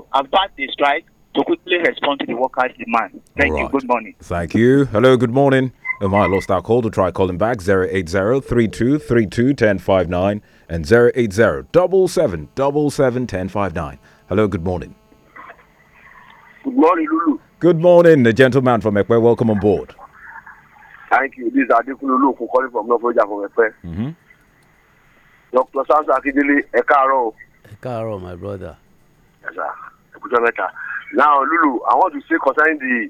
to the strike to quickly respond to the workers' demand. Thank right. you. Good morning. Thank you. Hello. Good morning. Um, I lost our call to try calling back 080-3232-1059 and 080-777-1059. Hello, good morning. Good morning, Lulu. Good morning, the gentleman from Ekwe. Welcome on board. Thank you. This is Adekunle Olokun calling from North from Ekwe. Mm-hmm. Dr. Samson Akindele, Ẹ Ekaro. my brother. Yes, sir. Abuja Now, Lulu, I want to say concerning the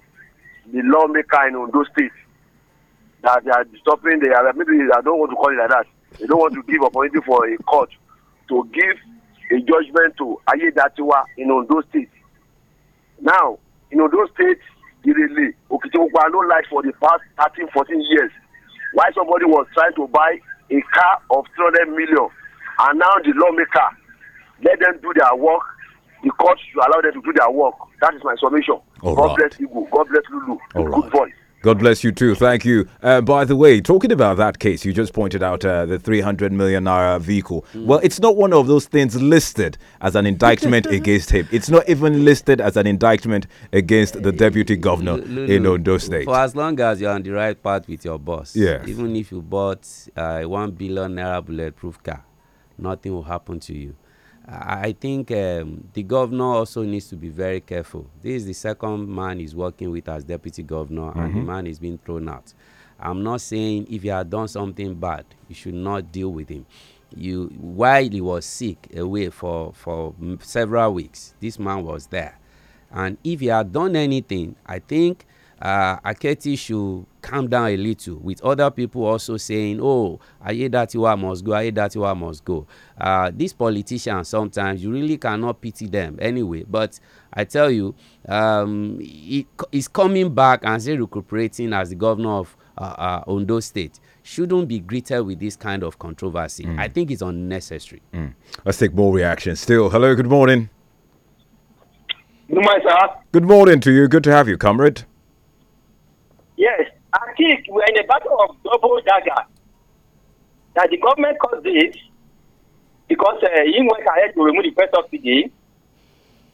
the lawmaker in Ondo State that they are stopping the maybe I don't want to call it like that. They don't want to give opportunity for a court to give a judgment to Ayedatiwa in Ondo State. Now, in Ondo State, Irele, Okitiwukwa no like for the past 13, 14 years. Why somebody was trying to buy a car of 300 million and now the lawmaker let them do their work because you allow them to do their work. That is my submission. All God right. bless Igbo. God bless Lulu. Good voice. God bless you too. Thank you. Uh, by the way, talking about that case, you just pointed out uh, the 300 million naira vehicle. Mm. Well, it's not one of those things listed as an indictment against him. It's not even listed as an indictment against the deputy governor in Ondo State. For as long as you're on the right path with your boss, yeah. even if you bought a uh, 1 billion naira bulletproof car, nothing will happen to you. I think um, the governor also needs to be very careful. This is the second man he's working with as deputy governor, mm -hmm. and the mm-hmm. man is being thrown out. I'm not saying if he had done something bad, you should not deal with him. You while he was sick away for for several weeks, this man was there, and if he had done anything, I think uh, Aketi should calm down a little with other people also saying, oh, Ayedatiwa must go, Ayedatiwa must go. Uh, these politicians sometimes, you really cannot pity them anyway. But I tell you, um, he, he's coming back and say recuperating as the governor of uh, uh, Ondo State shouldn't be greeted with this kind of controversy. Mm. I think it's unnecessary. Mm. Let's take more reactions still. Hello, good morning. Good morning, sir. Good morning to you. Good to have you, comrade. Yes, I think we're in a battle of double dagger. That the government caused this because uh, he went ahead to remove the first subsidy.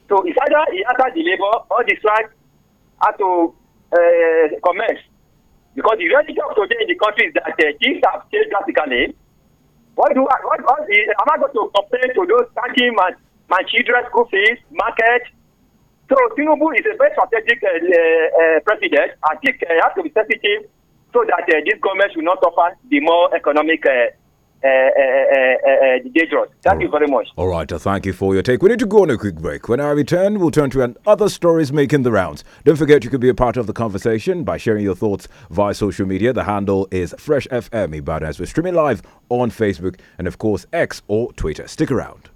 So it's either he attacked the labor or the strike had to uh, commence. Because the reality of today in the country is that uh, things have changed drastically. What do I, what, what is, am I going to complain to those banking my, my children's school fees, market, so Tinubu is a very strategic uh, uh, president. I think has to be sensitive so that uh, this government should not suffer the more economic uh, uh, uh, dangerous. Thank All you very much. All right, thank you for your take. We need to go on a quick break. When I return, we'll turn to other stories making the rounds. Don't forget you can be a part of the conversation by sharing your thoughts via social media. The handle is FreshFM but as we're streaming live on Facebook and of course X or Twitter. Stick around.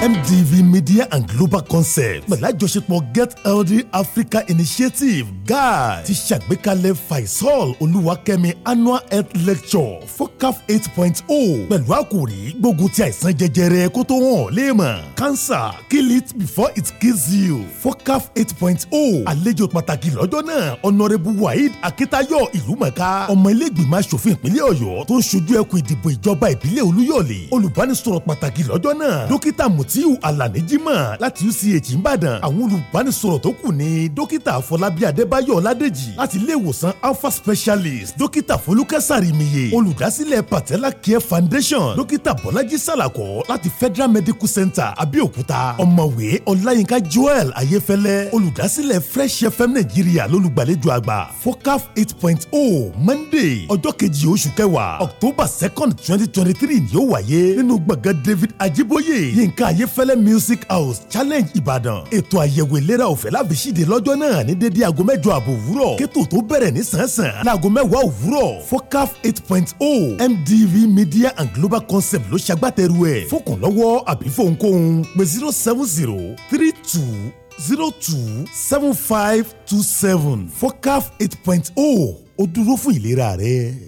and DV Media and Global Concepts pẹ̀lú àjọṣepọ̀ Get Healthy Africa Initiative guide ti ṣàgbékalẹ̀ Faisal Olúwakẹ́mi annual health lecture focaf eight point o oh pẹ̀lú àkòrí gbógun ti àìsàn jẹjẹrẹ kó tó hàn léèmọ̀ cancer kill it before it kills you focaf eight point o oh, àlejò pàtàkì lọ́jọ́ náà Honourable Waheed Akitayo Ìlúmọ̀ká ọmọ ilé ìgbìmọ̀ asòfin ìpínlẹ̀ Ọ̀yọ́ tó ń ṣojú ẹkùn ìdìbò ìjọba ìbílẹ̀ Olúyọ̀lé olùbánisọ̀rọ̀ pàtàkì lọ́jọ́ náà dókítà Mutiu alani jimoh láti uch ìbàdàn àwọn olùbánisọ̀rọ̀ tó kù ní dókítà afọlábí adébáyọ̀ ládèjì láti ilé ìwòsàn alpha specialist dókítà folúkẹ́sàrì miye olùdásílẹ̀ patella care foundation dókítà bọ́lájí sàlàkọ́ láti federal medical center abẹ́òkúta ọ̀mọ̀wé ọláyínká joel ayéfẹ́lẹ́ olùdásílẹ̀ fresh fm nàìjíríà lólùgbàlejò àgbà focaf eight point oh monday ọjọ́ kejì oṣù kẹwàá october second twenty twenty three ni ó wáyé nínú gbọ̀ngàn david ajiboye yínká ayéfẹ́lẹ́ Ayọ̀fẹ́lẹ́ music house challenge Ìbàdàn ètò àyẹ̀wò ìlera ọ̀fẹ́ láfiṣíde lọ́jọ́ náà ní dédé aago mẹ́jọ àbọ̀ òwúrọ̀ kẹ́tò tó bẹ̀rẹ̀ ní sàn-sàn láago mẹ́wàá òwúrọ̀ focaf eight point o oh, MDV media and global concept ló ṣagbátẹrù ẹ̀ fọkànlọ́wọ́ àbí fòǹkóhun pé zero seven zero three two zero two seven five two seven focaf eight point o oh, ó dúró fún ìlera rẹ.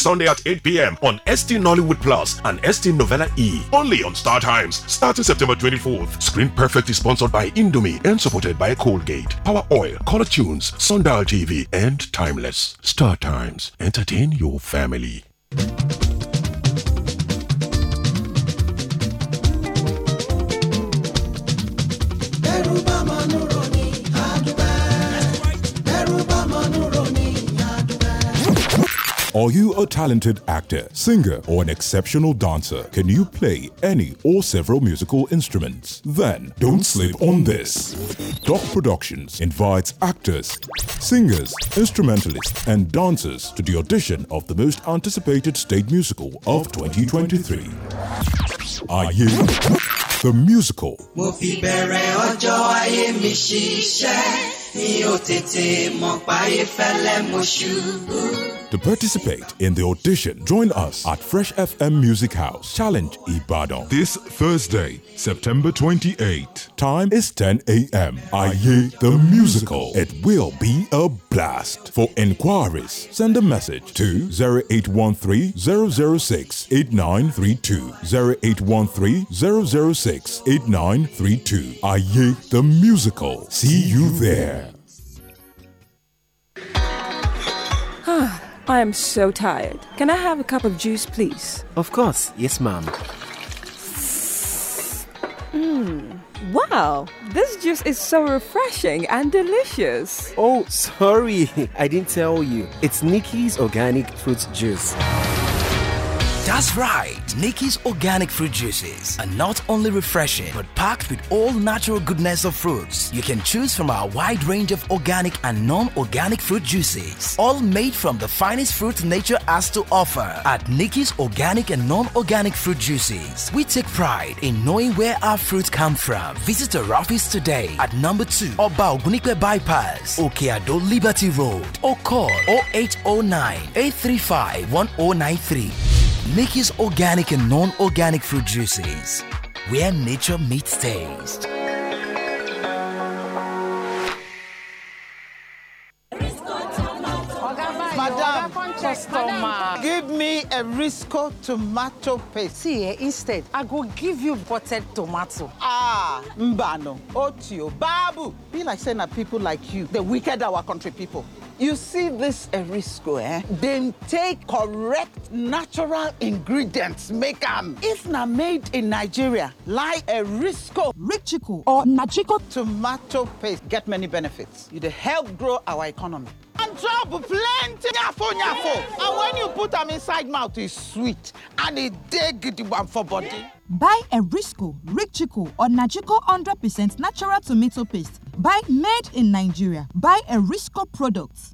Sunday at 8 p.m. on ST Nollywood Plus and ST Novella E. Only on Star Times, starting September 24th. Screen Perfect is sponsored by Indomie and supported by Colgate, Power Oil, Color Tunes, Sundial TV, and Timeless. Star Times, entertain your family. Are you a talented actor, singer, or an exceptional dancer? Can you play any or several musical instruments? Then don't sleep on this. Doc Productions invites actors, singers, instrumentalists, and dancers to the audition of the most anticipated stage musical of 2023. Are you? The musical. Mo ò tètè mọ̀ páyé fẹ́lẹ́ mo ṣubú. To participate in the audition, join us at Fresh FM Music House Challenge Ibadan. This Thursday, September 28. Time is 10 a.m. Aye the Musical. It will be a blast. For inquiries, send a message to 0813 006 8932. 0813 006 8932. Aye the Musical. See you there. I am so tired. Can I have a cup of juice, please? Of course. Yes, ma'am. Mmm. Wow, this juice is so refreshing and delicious. Oh, sorry. I didn't tell you. It's Nikki's organic fruit juice. That's right. Nikki's organic fruit juices are not only refreshing but packed with all natural goodness of fruits. You can choose from our wide range of organic and non-organic fruit juices, all made from the finest fruit nature has to offer. At Nikki's organic and non-organic fruit juices, we take pride in knowing where our fruits come from. Visit our office today at number 2 Oba Ogunipe Bypass, Okeado Liberty Road or call 0809 835 1093. Mickey's organic and non-organic fruit juices, where nature meets taste. customer, give me a Risco tomato paste. See, here, eh, instead, I go give you bottled tomato. Ah, mbano, otio, babu. Be like saying that people like you, the wicked our country people. You see this erisco, eh? They take correct natural ingredients, make them. If not made in Nigeria, like erisco, richiko or nachico tomato paste, get many benefits. It help grow our economy. And job plenty, nyafo, nyafo. And when you put them inside mouth, it's e sweet. And it dig the one for body. Buy Enrisco, Richiko or Najiko 100% natural tomato paste. Buy Made in Nigeria. Buy Enrisco products.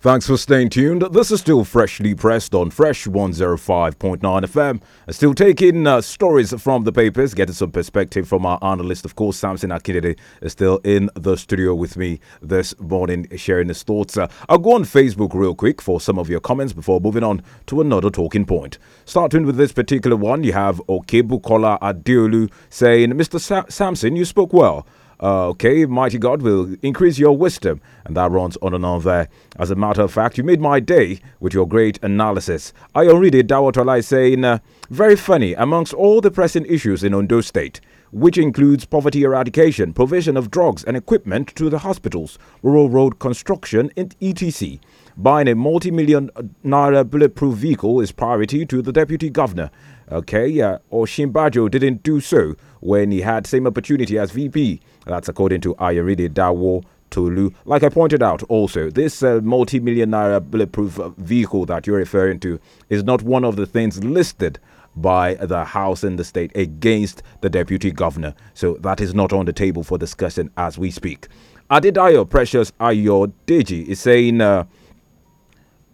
Thanks for staying tuned. This is still freshly pressed on Fresh 105.9 FM. Uh, still taking uh, stories from the papers, getting some perspective from our analyst, of course, Samson Akindede is still in the studio with me this morning, sharing his thoughts. Uh, I'll go on Facebook real quick for some of your comments before moving on to another talking point. Starting with this particular one, you have Okebukola Adiolu saying, Mr. Sa Samson, you spoke well. Uh, okay, mighty God will increase your wisdom. And that runs on and on there. As a matter of fact, you made my day with your great analysis. I already Dawatolai saying, uh, very funny, amongst all the pressing issues in Ondo State, which includes poverty eradication, provision of drugs and equipment to the hospitals, rural road construction, and etc. Buying a multi million uh, naira bulletproof vehicle is priority to the deputy governor. Okay, or uh, Oshimbajo didn't do so when he had same opportunity as VP. That's according to Ayeride Dawo Tolu. Like I pointed out also, this uh, multi-million naira bulletproof vehicle that you're referring to is not one of the things listed by the House in the state against the deputy governor. So that is not on the table for discussion as we speak. Adedayo Precious Ayodeji is saying, uh,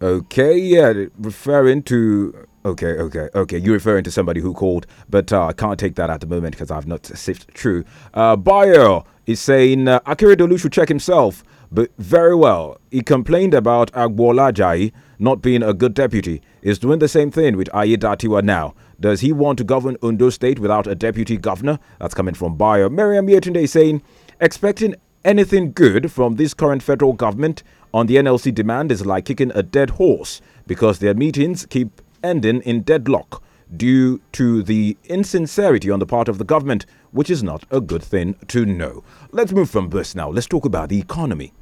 okay, yeah, uh, referring to Okay, okay, okay. You're referring to somebody who called, but uh, I can't take that at the moment because I've not sifted through. Uh, Bayo is saying uh, Akira Dolu should check himself, but very well. He complained about Jai not being a good deputy. Is doing the same thing with Ayedatiwa now. Does he want to govern Undo State without a deputy governor? That's coming from Bayo. Miriam Yetunde is saying, expecting anything good from this current federal government on the NLC demand is like kicking a dead horse because their meetings keep ending in deadlock due to the insincerity on the part of the government, which is not a good thing to know. Let's move from this now. Let's talk about the economy.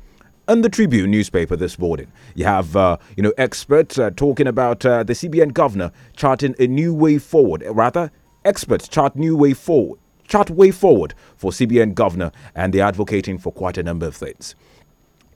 In the Tribune newspaper this morning, you have uh, you know experts uh, talking about uh, the CBN governor charting a new way forward. Uh, rather, experts chart new way forward, chart way forward for CBN governor, and they're advocating for quite a number of things.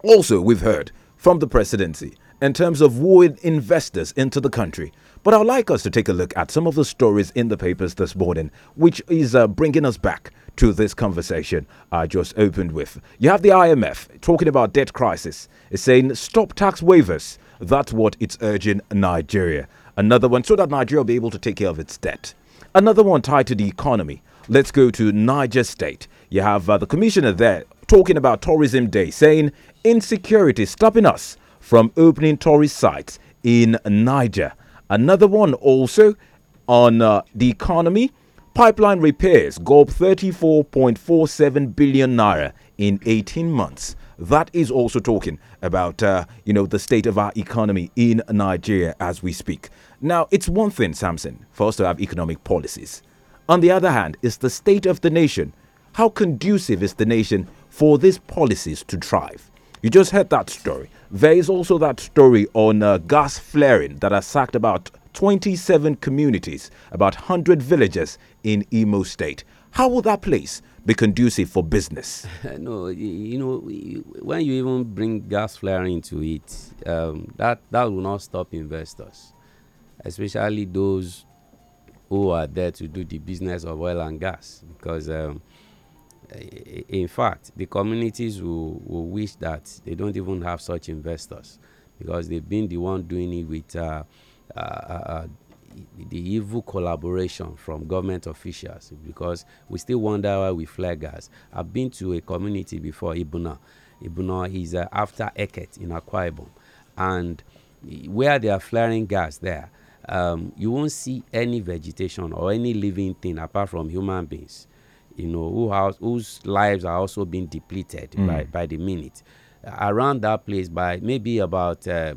Also, we've heard from the presidency in terms of wooing investors into the country. But I'd like us to take a look at some of the stories in the papers this morning, which is uh, bringing us back to this conversation I just opened with. You have the IMF talking about debt crisis. It's saying stop tax waivers. That's what it's urging Nigeria. Another one so that Nigeria will be able to take care of its debt. Another one tied to the economy. Let's go to Niger State. You have uh, the commissioner there talking about Tourism Day, saying insecurity stopping us from opening tourist sites in Niger. Another one also on uh, the economy. Pipeline repairs go up 34.47 billion naira in 18 months. That is also talking about uh, you know the state of our economy in Nigeria as we speak. Now, it's one thing, Samson, for us to have economic policies. On the other hand, is the state of the nation. How conducive is the nation for these policies to thrive? You just heard that story there is also that story on uh, gas flaring that has sacked about 27 communities, about 100 villages in Imo State. How will that place be conducive for business? no, you know, when you even bring gas flaring into it, um, that, that will not stop investors, especially those who are there to do the business of oil and gas, because um, in fact, the communities will, will wish that they don't even have such investors because they've been the one doing it with uh, uh, uh, uh the evil collaboration from government officials. Because we still wonder why we flare gas. I've been to a community before, Ibuna. Ibuna is uh, after Eket in Akwa Ibom, and where they are flaring gas there. Um, you won't see any vegetation or any living thing apart from human beings you know, who has, whose lives are also being depleted mm. by, by the minute. Around that place, by maybe about uh,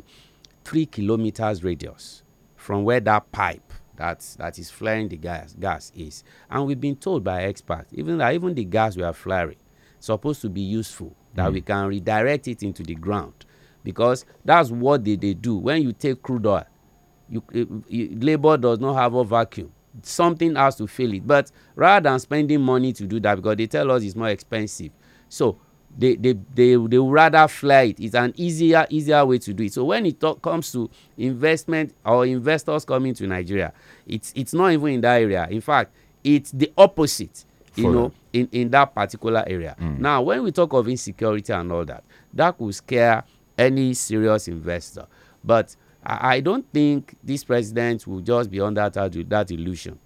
three kilometers radius from where that pipe that, that is flaring the gas, gas is. And we've been told by experts, even that even the gas we are flaring, supposed to be useful, that mm. we can redirect it into the ground. Because that's what they, they do. When you take crude oil, you, you labor does not have a vacuum something has to fill it but rather than spending money to do that because they tell us it's more expensive so they they they they rather fly it it's an easier easier way to do it so when it talk, comes to investment or investors coming to nigeria it's it's not even in that area in fact it's the opposite you know in in that particular area mm. now when we talk of insecurity and all that that will scare any serious investor but I, don't think this president will just be under that, that illusion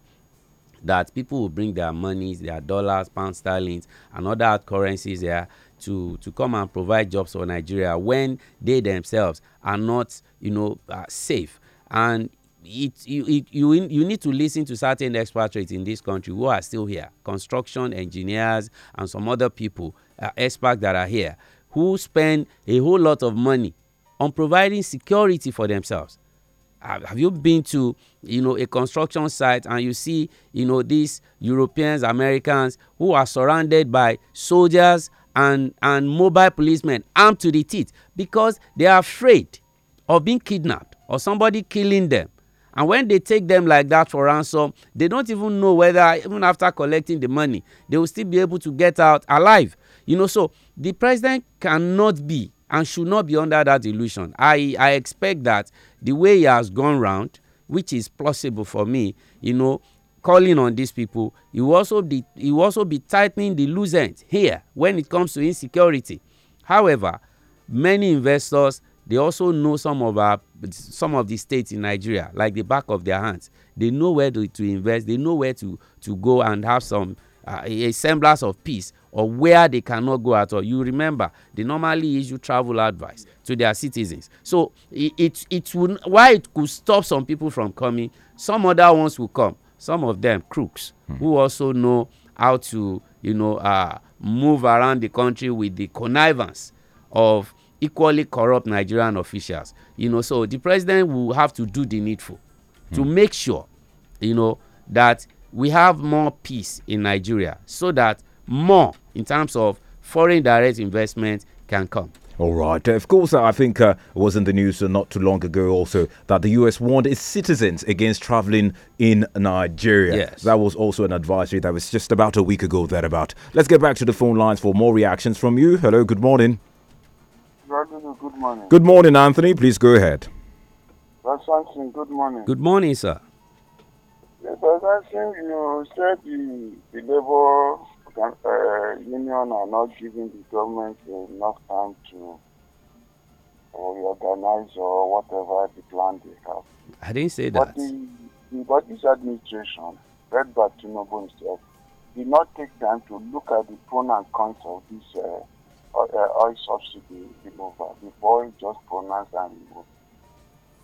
that people will bring their monies, their dollars, pound sterling, and other currencies there to to come and provide jobs for Nigeria when they themselves are not, you know, uh, safe. And it, you, it, you, you need to listen to certain expatriates in this country who are still here, construction engineers and some other people, uh, expats that are here, who spend a whole lot of money on providing security for themselves. Have you been to, you know, a construction site and you see, you know, these Europeans, Americans who are surrounded by soldiers and and mobile policemen armed to the teeth because they are afraid of being kidnapped or somebody killing them and when they take them like that for ransom they don't even know whether even after collecting the money they will still be able to get out alive you know so the president cannot be and should not be under that illusion. I, I expect that the way he has gone round, which is plausible for me, you know, calling on these people, he will also be, he will also be tightening the loose end here when it comes to insecurity. However, many investors they also know some of our some of the states in nigeria like the back of their hands they know where to, to invest they know where to to go and have some uh, a semblance of peace or where they cannot go at all. You remember, they normally issue travel advice to their citizens. So it it, it would why it could stop some people from coming. Some other ones will come. Some of them crooks mm. who also know how to you know uh, move around the country with the connivance of equally corrupt Nigerian officials. You know, so the president will have to do the needful mm. to hmm. make sure you know that we have more peace in Nigeria so that more in terms of foreign direct investment can come. All right. Of course, I think uh, was in the news uh, not too long ago also that the U.S. warned its citizens against traveling in Nigeria. Yes. That was also an advisory that was just about a week ago thereabout. Let's get back to the phone lines for more reactions from you. Hello, good morning. Good morning. Good morning, Anthony. Please go ahead. good morning. Good morning, sir. Yes, Samson, you said the, the labor uh, Union are not giving the government enough time to reorganize or whatever the plan they have. I didn't say but that. The, but this administration, led by Tinubu himself, did not take time to look at the pros and cons of this uh, uh oil subsidy removal before he just pronounced and removed.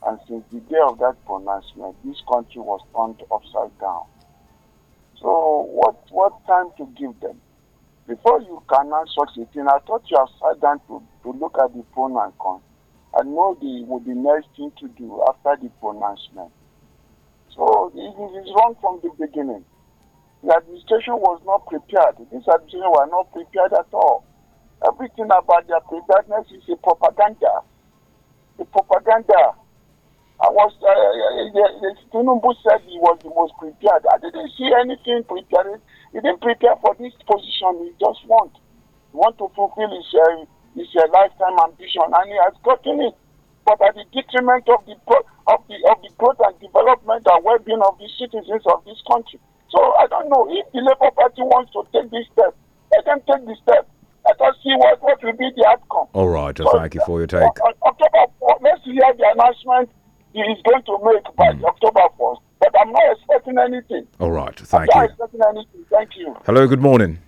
And since the day of that pronouncement, this country was turned upside down. So what what time to give them? Before you can ask such a thing, I thought you have sat down to, to look at the pro and con. I know the would be next thing to do after the pronouncement. So it is wrong from the beginning. The administration was not prepared. This administration was not prepared at all. Everything about their preparedness is a propaganda. A propaganda. I was, uh, Tinubu said he was the most prepared. I didn't see anything prepared. He didn't prepare for this position. He just want, he want to fulfill his, uh, his uh, lifetime ambition, and he has gotten it. But at the detriment of the of the of the growth and development and well-being of the citizens of this country. So I don't know if the Labour Party wants to take this step. Let them take the step. Let us see what, what will be the outcome. All right, thank you for your take. On, on, on top of, let's hear the announcement he is going to make by mm. October 1st. But I'm not expecting anything. All right. Thank I'm you. expecting anything. Thank you. Hello. Good morning.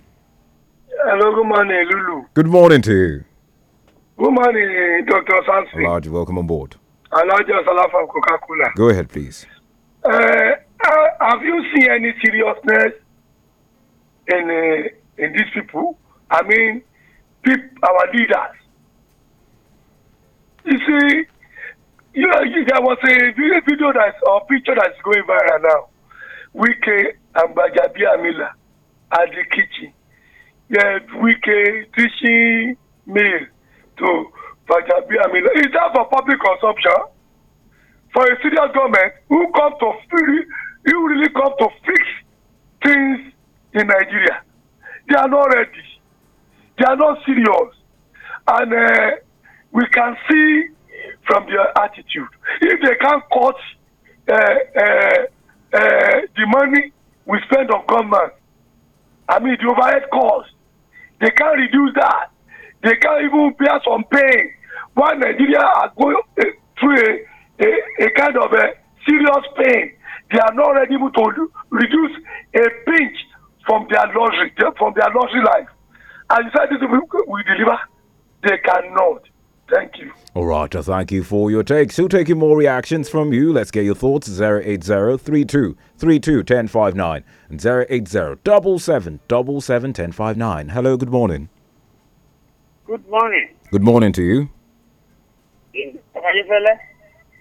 Hello. Good morning, Lulu. Good morning to you. Good morning, Dr. Sansi. Alaj, welcome on board. Alaj Salah from Coca Cola. Go ahead, please. uh, have you seen any seriousness in, uh, in these people? I mean, people, our leaders. You see, you know, there was a video, video that's or picture that's going viral now. Wike and Bajabia Amila at the kitchen. Yeah, Wike teaching meal to Bajabia Amila. Is that for public consumption? For a serious government who come to free, you really come to fix things in Nigeria. They are not ready. They are not serious. And uh, we can see from their attitude. If they can't cut uh, uh, uh, the money we spend on government, I mean the overhead cost, they can't reduce that. They can't even bear some pain. While Nigeria are going uh, through a, a, a kind of a serious pain. They are not ready to reduce a pinch from their luxury, from their luxury life. And you said this will, will deliver? They cannot. Thank you. All right, I thank you for your takes. We'll take more reactions from you. Let's get your thoughts. 0803232 1059 and 08077771059. Hello, good morning. Good morning. Good morning to you.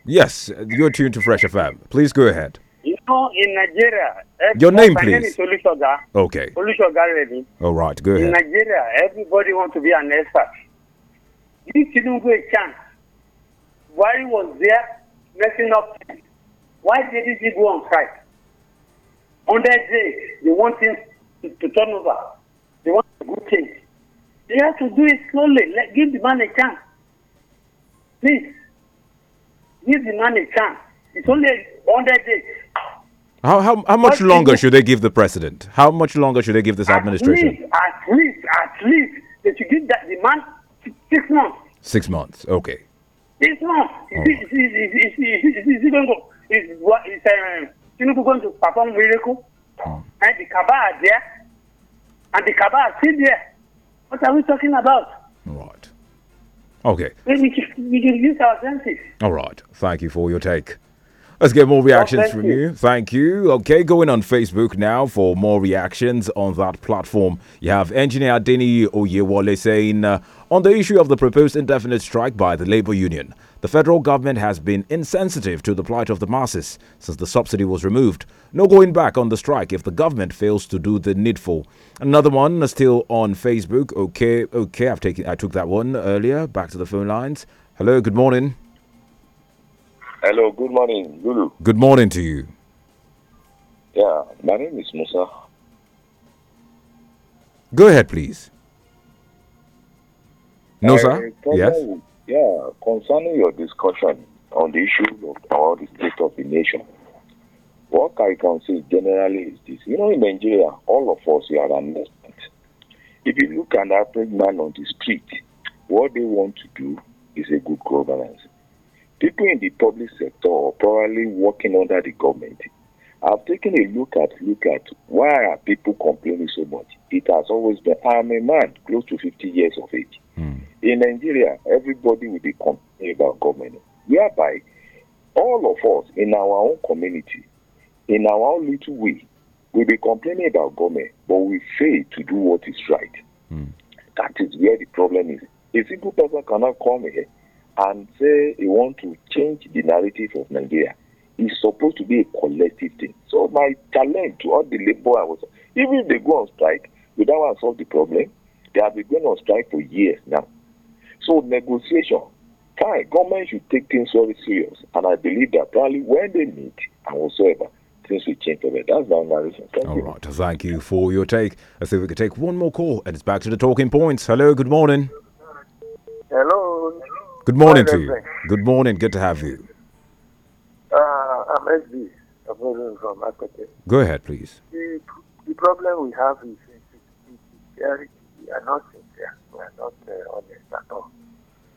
yes, you're tuned to Fresh FM. Please go ahead. You know, in Nigeria, your name, please. name is Okay. All right, go ahead. In Nigeria, everybody wants to be an expert. Give Tinubu a chance. Buhari was there messing up things. Why didn't he go on strike? On that day, they want things to, to turn over. They want a good change. They have to do it slowly. Let, give the man a chance. Please. Give the man a chance. It's only that day. How, how, how much longer should they give the president? How much longer should they give this at administration? Least, at least, at least, they should give that the man Six months. Six months. Okay. Six months. Oh. going to, what, is Tinubu going to perform miracle? Oh. And the Kaaba are there. And the Kaaba are still there. What are we talking about? Right. Okay. We, we, we can use our senses. All right. Thank you for your take. Let's get more reactions oh, from you. you. Thank you. Okay, going on Facebook now for more reactions on that platform. You have engineer Dini Oyewole saying, uh, on the issue of the proposed indefinite strike by the labor union, the federal government has been insensitive to the plight of the masses since the subsidy was removed. No going back on the strike if the government fails to do the needful. Another one still on Facebook. Okay, okay, I've taken I took that one earlier. Back to the phone lines. Hello, good morning. Hello, good morning, Lulu. Good morning to you. Yeah, my name is Musa. Go ahead, please. No, sir. Yes. yeah, concerning your discussion on the issue of our the state of the nation, what I can say generally is this. You know, in Nigeria, all of us we are an If you look at an average man on the street, what they want to do is a good governance. People in the public sector or probably working under the government I've taken a look at look at why are people complaining so much. It has always been I'm a man close to 50 years of age. Mm. In Nigeria, everybody will be complaining about government, whereby all of us in our own community, in our own little way, will be complaining about government, but we fail to do what is right. Mm. That is where the problem is. A single person cannot come here and say he wants to change the narrative of Nigeria. It's supposed to be a collective thing. So my challenge to all the labor, I was even if they go on strike, will that one solve the problem? They have been going on strike for years now. So negotiation, time, government should take things very serious. And I believe that probably when they meet and whatsoever, things will change over. That's the only reason. Thank All you. right. Thank you for your take. I think we could take one more call and it's back to the talking points. Hello, good morning. Hello. Good morning Hi, to you. Good morning. Good to have you. Uh, I'm SB. I'm from Africa. Go ahead, please. The, the problem we have is insecurity we are not sincere. We are not uh, honest at all.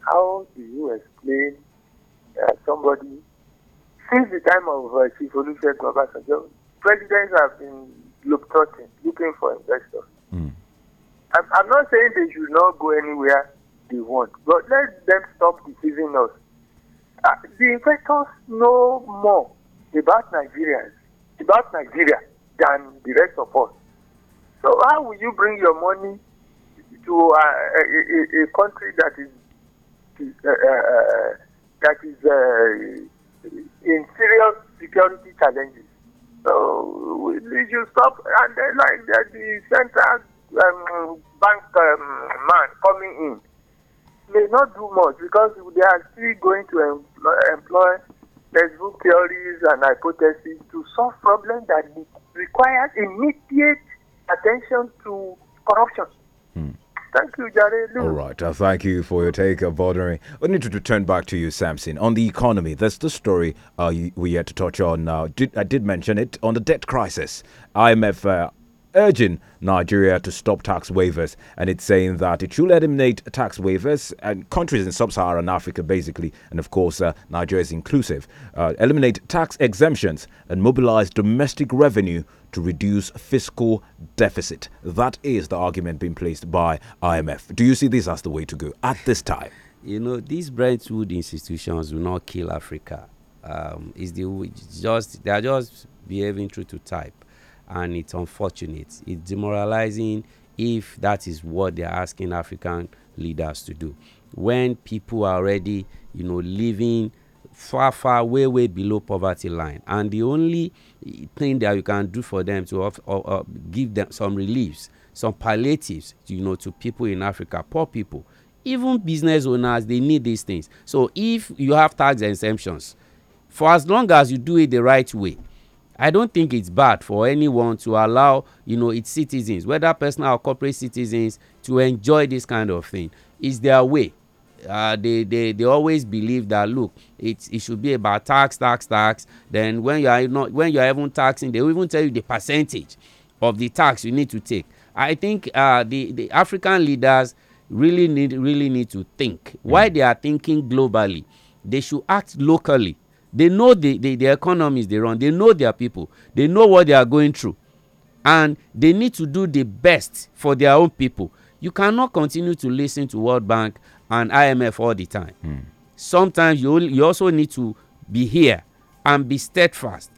How do you explain that uh, somebody, since the time of uh, Chief Olusegun Obasanjo, presidents have been looking for investors. Mm. I'm, I'm not saying they should not go anywhere they want, but let them stop deceiving us. Uh, the investors know more about Nigerians, about Nigeria, than the rest of us. So how will you bring your money to uh, a, a, country that is uh, uh, uh that is uh, in serious security challenges. So we should stop. And then, like that, the central um, bank um, man coming in may not do much because they are still going to employ, employ textbook theories and hypotheses to solve problems that require immediate attention to corruption. Mm. Thank you, Jared. All right. Uh, thank you for your take, uh, Bordering. I need to, to turn back to you, Samson, on the economy. That's the story uh, we had to touch on. Uh, did, I did mention it on the debt crisis. IMF uh, urging Nigeria to stop tax waivers. And it's saying that it should eliminate tax waivers and countries in sub Saharan Africa, basically. And of course, uh, Nigeria is inclusive. Uh, eliminate tax exemptions and mobilize domestic revenue to reduce fiscal deficit. That is the argument being placed by IMF. Do you see this as the way to go at this time? You know, these Brentwood institutions will not kill Africa. Um, is the just they are just behaving true to type and it's unfortunate. It's demoralizing if that is what they're asking African leaders to do. When people are already, you know, living far, far, way, way below poverty line, and the only thing that you can do for them to off, or, or give them some reliefs, some palliatives, you know, to people in Africa, poor people, even business owners, they need these things. So if you have tax exemptions, for as long as you do it the right way, I don't think it's bad for anyone to allow, you know, its citizens, whether personal or corporate citizens, to enjoy this kind of thing. It's their way. Uh, they, they, they always believe that look, it, it should be about tax, tax, tax. Then when you are not when you are even taxing, they will even tell you the percentage of the tax you need to take. I think uh, the the African leaders really need really need to think. Mm. Why they are thinking globally, they should act locally they know the, the, the economies they run they know their people they know what they are going through and they need to do the best for their own people you cannot continue to listen to world bank and imf all the time mm. sometimes you, you also need to be here and be steadfast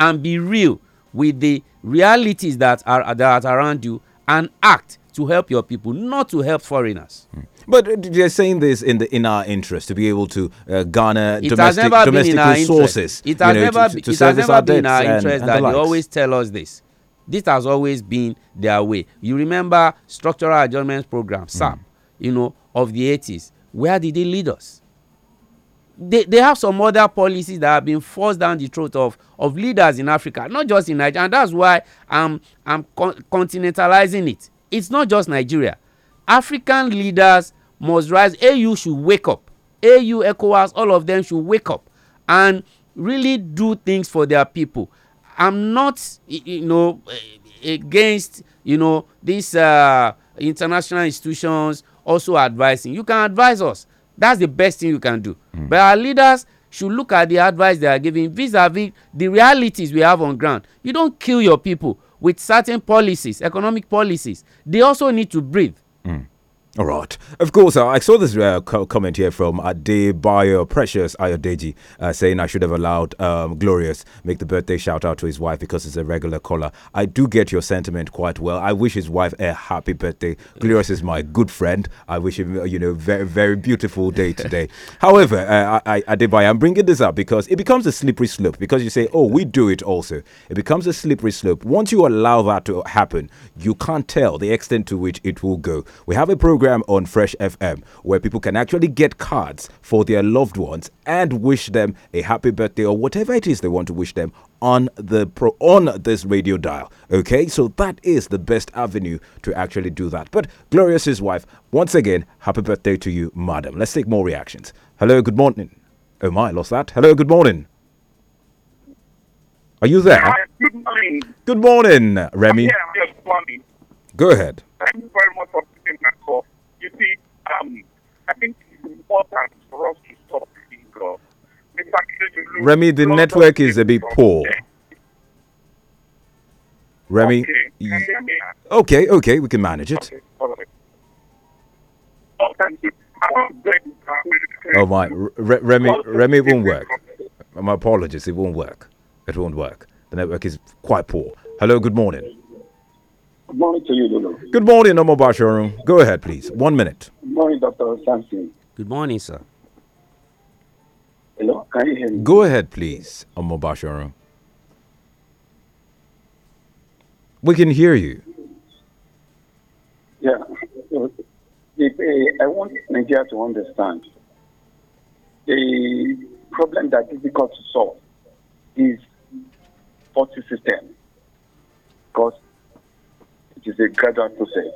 and be real with the realities that are that are around you and act to help your people not to help foreigners mm. But they're saying this in the in our interest to be able to uh, garner it domestic domestic sources. It has you know, never to, to it has never our been our interest and, and that the they always tell us this. This has always been their way. You remember structural adjustment program, SAP, mm. you know, of the 80s. Where did they lead us? They, they have some other policies that have been forced down the throat of, of leaders in Africa, not just in Nigeria. And that's why I'm, I'm con continentalizing it. It's not just Nigeria. African leaders must rise. AU should wake up. AU, ECOWAS, all of them should wake up and really do things for their people. I'm not, you know, against, you know, these uh, international institutions also advising. You can advise us. That's the best thing you can do. Mm. But our leaders should look at the advice they are giving vis-a-vis the realities we have on ground. You don't kill your people with certain policies, economic policies. They also need to breathe. Mm. All right. Of course, uh, I saw this uh, co- comment here from Adebayo Precious Ayodeji uh, saying I should have allowed um, Glorious make the birthday shout out to his wife because it's a regular caller. I do get your sentiment quite well. I wish his wife a happy birthday. Glorious is my good friend. I wish him, you know, very, very beautiful day today. However, uh, I, I, Adebayo, I'm bringing this up because it becomes a slippery slope because you say, oh, we do it also. It becomes a slippery slope. Once you allow that to happen, you can't tell the extent to which it will go. We have a program program on Fresh FM where people can actually get cards for their loved ones and wish them a happy birthday or whatever it is they want to wish them on the pro, on this radio dial. Okay, so that is the best avenue to actually do that. But Glorious's wife, once again, happy birthday to you, madam. Let's take more reactions. Hello, good morning. Oh my, I lost that. Hello, good morning. Are you there? good morning. Good morning, Remy. Yeah, I'm just Go ahead. Thank you very much for taking my call. You see, um, I think it's important for us to stop being God. Uh, Remy, the network is a bit poor. Remy, okay. okay, we can manage it. Okay. Oh, uh, oh, my, Remy, Remy, it won't work. My apologies, it won't work. It won't work. The network is quite poor. Hello, good morning. Good morning to you, Lulu. Good morning, Omo Basharun. Go ahead, please. One minute. Good morning, Dr. Samson. Good morning, sir. Hello, can you hear me? Go ahead, please, Omo Basharun. We can hear you. Yeah. If, uh, I want Nigeria to understand the problem that is difficult to solve is faulty system because it is a gradual process.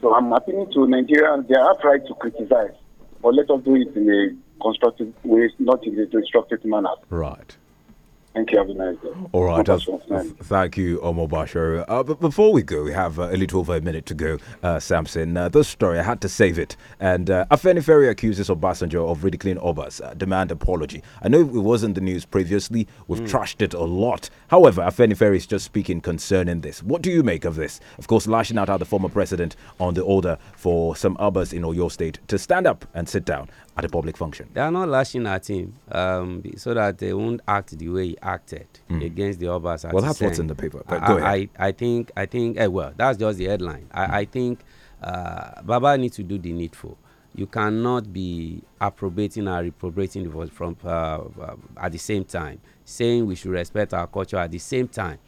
So I'm appealing to Nigerians, they have right to criticize, but let us do it in a constructive way, not in a destructive manner. Right. Thank you. Have a nice day. All right. Uh, thank you, Omar Basho. Uh, but before we go, we have uh, a little over a minute to go, uh, Samson. Uh, this story, I had to save it. And uh, Afeniferi accuses Obasanjo of ridiculing Obas, uh, demand apology. I know it wasn't the news previously. We've mm. trashed it a lot. However, Afeniferi is just speaking concerning this. What do you make of this? Of course, lashing out at the former president on the order for some Obas in Oyo State to stand up and sit down at a public function? They are not lashing at him um, so that they won't act the way he acted mm. against the others. Well, that's what's in the paper. But I, go ahead. I, I think, I think, eh, well, that's just the headline. I, mm. I think uh, Baba needs to do the needful. You cannot be approbating and reprobating from uh, uh, at the same time, saying we should respect our culture at the same time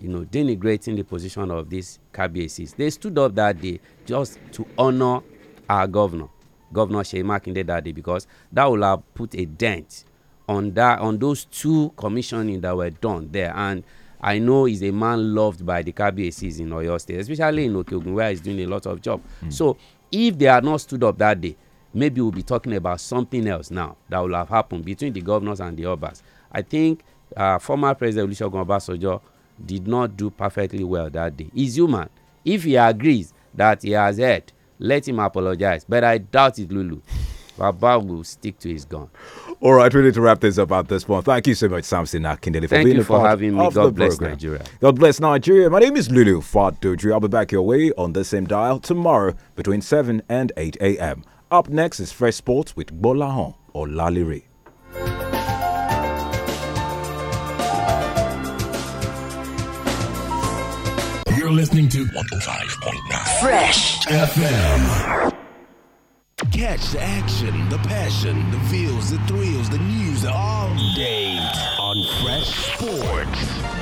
you know, denigrating the position of these KBACs. They stood up that day just to honor our governor. Governor Shea in that day because that will have put a dent on that on those two commissioning that were done there and I know he's a man loved by the KBACs in Oyo State, especially in Okeogun where he's doing a lot of job. Mm. So if they are not stood up that day, maybe we'll be talking about something else now that will have happened between the governors and the others I think uh, former President Olusegun Obasanjo did not do perfectly well that day. He's human. If he agrees that he has heard let him apologize. But I doubt it, Lulu. Baba will stick to his gun. All right, we need to wrap this up at this point. Thank you so much, Samson Akindele, for being a for part having me. God bless program. Nigeria. God bless Nigeria. My name is Lulu Fadoju. I'll be back your way on the same dial tomorrow between 7 and 8 a.m. Up next is Fresh Sports with Bolahon or Laliri. listening to 105.9 Fresh FM. Catch the action, the passion, the feels, the thrills, the news all day on Fresh Sports.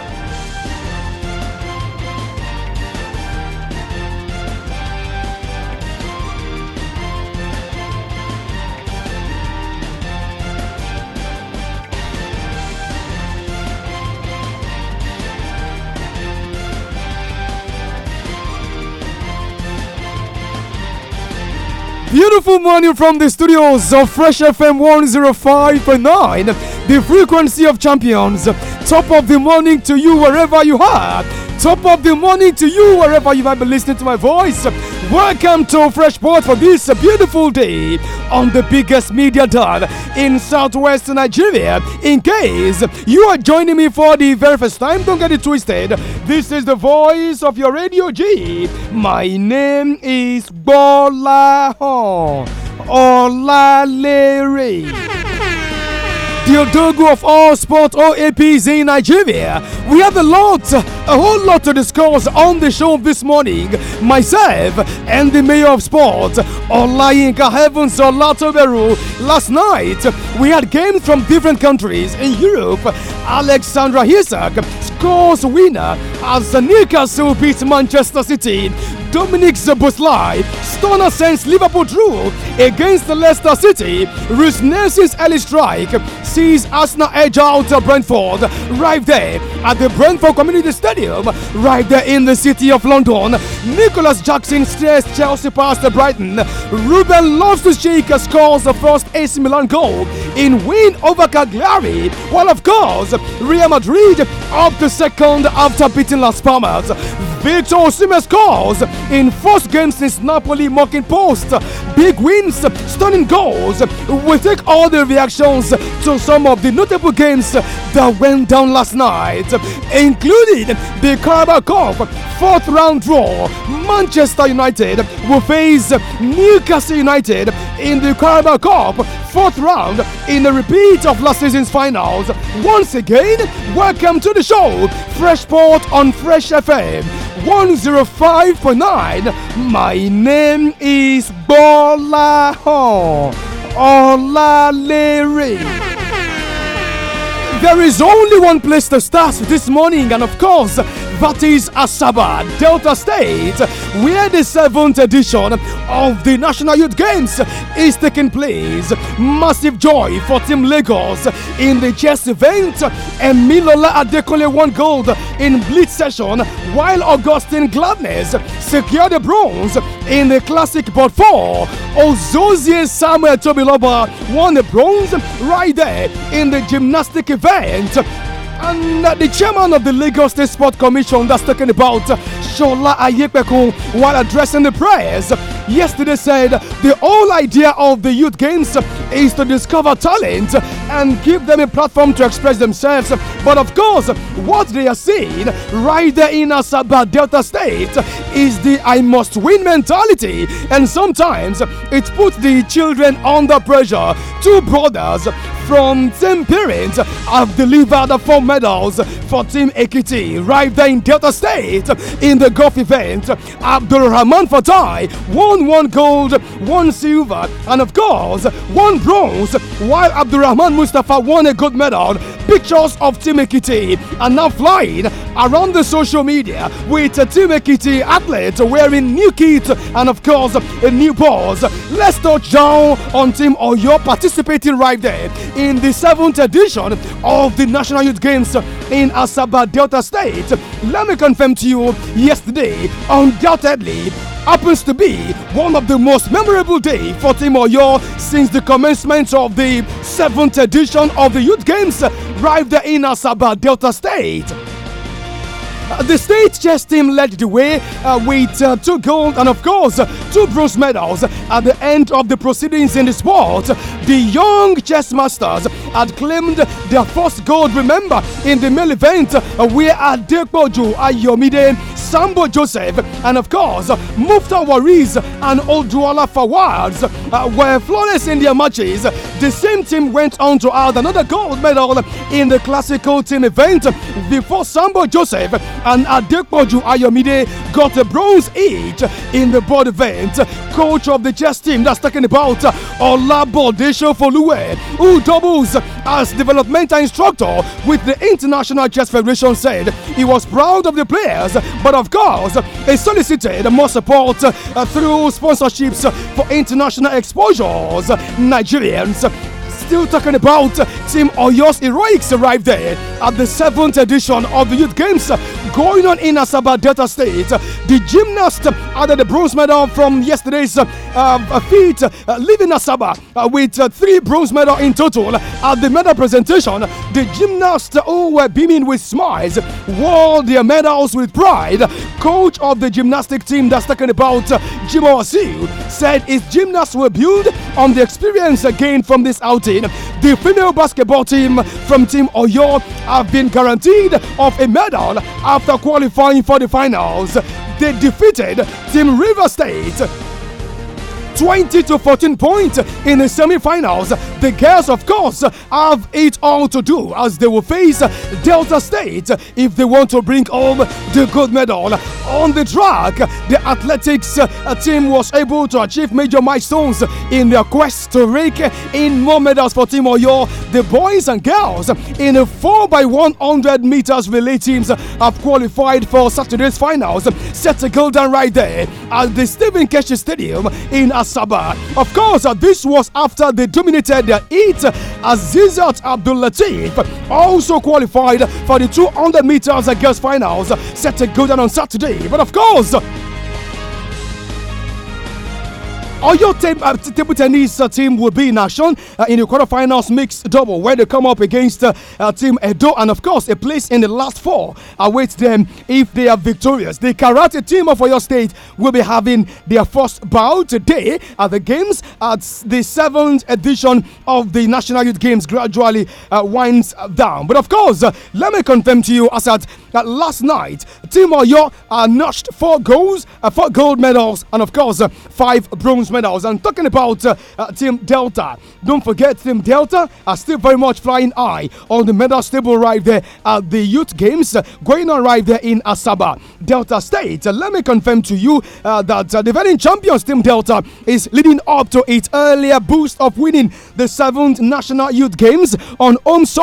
beautiful morning from the studios of Fresh FM 105.9, the frequency of champions. Top of the morning to you wherever you are top of the morning to you, wherever you might be listening to my voice. Welcome to Fresh Port for this beautiful day on the biggest media dot in southwest Nigeria. In case you are joining me for the very first time, don't get it twisted. This is the voice of your Radio G. My name is Bola Hon Olalere the Odogu of all sports OAPs in Nigeria. We have a lot, a whole lot to discuss on the show this morning. Myself and the Mayor of Sport, Olayinka Heavens Olatoberu. Last night, we had games from different countries in Europe. Alexandra Hisak scores winner as Newcastle beats Manchester City Dominic Zaboslai, Stoner sends Liverpool through against Leicester City. Ruth Nelson's early strike sees Arsenal edge out Brentford right there at the Brentford Community Stadium, right there in the city of London. Nicholas Jackson stares Chelsea past Brighton. Ruben loves to shake scores the first AC Milan goal in win over Cagliari. While of course, Real Madrid up to second after beating Las Palmas. Victor Osimhen scores in first game since Napoli mocking post. Big wins, stunning goals. We take all the reactions to some of the notable games that went down last night, including the Carabao Cup fourth round draw. Manchester United will face Newcastle United in the Carabao Cup fourth round in a repeat of last season's finals. Once again, welcome to the show, Fresh Port on Fresh FM. 105.9. My name is Bola Hon Olalere. There is only one place to start this morning, and of course, that is Asaba, Delta State, where the seventh edition of the National Youth Games is taking place. Massive joy for Team Lagos in the chess event, Emilola Adekole won gold in blitz session, while Augustine Gladness secured the bronze in the classic board four. Ozozie Samuel Tobiloba won the bronze right there in the gymnastic event. And uh, the chairman of the Lagos State Sport Commission that's talking about Shola Ayepekun while addressing the press yesterday said the whole idea of the youth games is to discover talent and give them a platform to express themselves. But of course, what they are seeing right there in Asaba Delta State is the I must win mentality, and sometimes it puts the children under pressure. Two brothers from Team Parent have delivered four medals for Team AKT right there in Delta State in the golf event. Abdul Rahman Fatai won one gold, one silver, and of course, one bronze, while Abdul Rahman Mustafa won a gold medal. Pictures of Team AKT are now flying around the social media with Team AKT athletes wearing new kits and, of course, a new balls. Let's touch down on Team Oyo participating right there in the seventh edition of the National Youth Games in Asaba Delta State. Let me confirm to you, yesterday undoubtedly happens to be one of the most memorable day for Team Oyo since the commencement of the seventh edition of the Youth Games right there in Asaba Delta State. Uh, the state chess team led the way uh, with uh, two gold and, of course, uh, two bronze medals at the end of the proceedings in the sport. The young chess masters had claimed their first gold, remember, in the main event uh, where Adepoju Ayomide, Sambo Joseph, and, of course, Mufta Wariz and Oduala Fawads uh, were flawless in their matches. The same team went on to add another gold medal in the classical team event before Sambo Joseph and Adekpoju Ayomide got a bronze age in the board event. Coach of the chess team that's talking about Olabode Folue, who doubles as developmental instructor with the International Chess Federation, said he was proud of the players, but of course, he solicited more support uh, through sponsorships for international exposures. Nigerians Still talking about Team Oyo's heroics arrived there at the seventh edition of the Youth Games going on in Asaba Delta State. The gymnast added the bronze medal from yesterday's uh, feat, uh, leaving Asaba uh, with uh, three bronze medals in total. At the medal presentation, the gymnast, who were beaming with smiles wore their medals with pride. Coach of the gymnastic team that's talking about uh, Jim Asiu, said his gymnasts were built on the experience gained from this outing the female basketball team from Team Oyo have been guaranteed of a medal after qualifying for the finals. They defeated Team River State 20 to 14 points in the semi finals. The girls, of course, have it all to do as they will face Delta State if they want to bring home the gold medal. On the track, the athletics uh, team was able to achieve major milestones in their quest to rake in more medals for Team Oyo. The boys and girls in a 4 by 100 meters relay teams have qualified for Saturday's finals. Set a golden right there at the Stephen Keshi Stadium in of course, uh, this was after they dominated their heat. Azizat Abdul Latif also qualified for the 200 meters uh, girls finals set to go down on Saturday. But of course, Oyo te- uh, table tennis uh, team will be in action uh, in the quarterfinals mixed double, where they come up against uh, uh, Team Edo, and of course, a place in the last four awaits them if they are victorious. The karate team of Oyo State will be having their first bout today at the games at the seventh edition of the National Youth Games gradually uh, winds down. But of course, let me confirm to you as at last night, Team Oyo uh, notched four goals, four gold medals, and of course, five bronze medals. I'm talking about uh, uh, Team Delta. Don't forget, Team Delta are still very much flying high on the medal table right there at the Youth Games uh, going on right there in Asaba, Delta State. Uh, let me confirm to you that the defending champions Team Delta is leading up to its earlier boost of winning the seventh National Youth Games on home soil.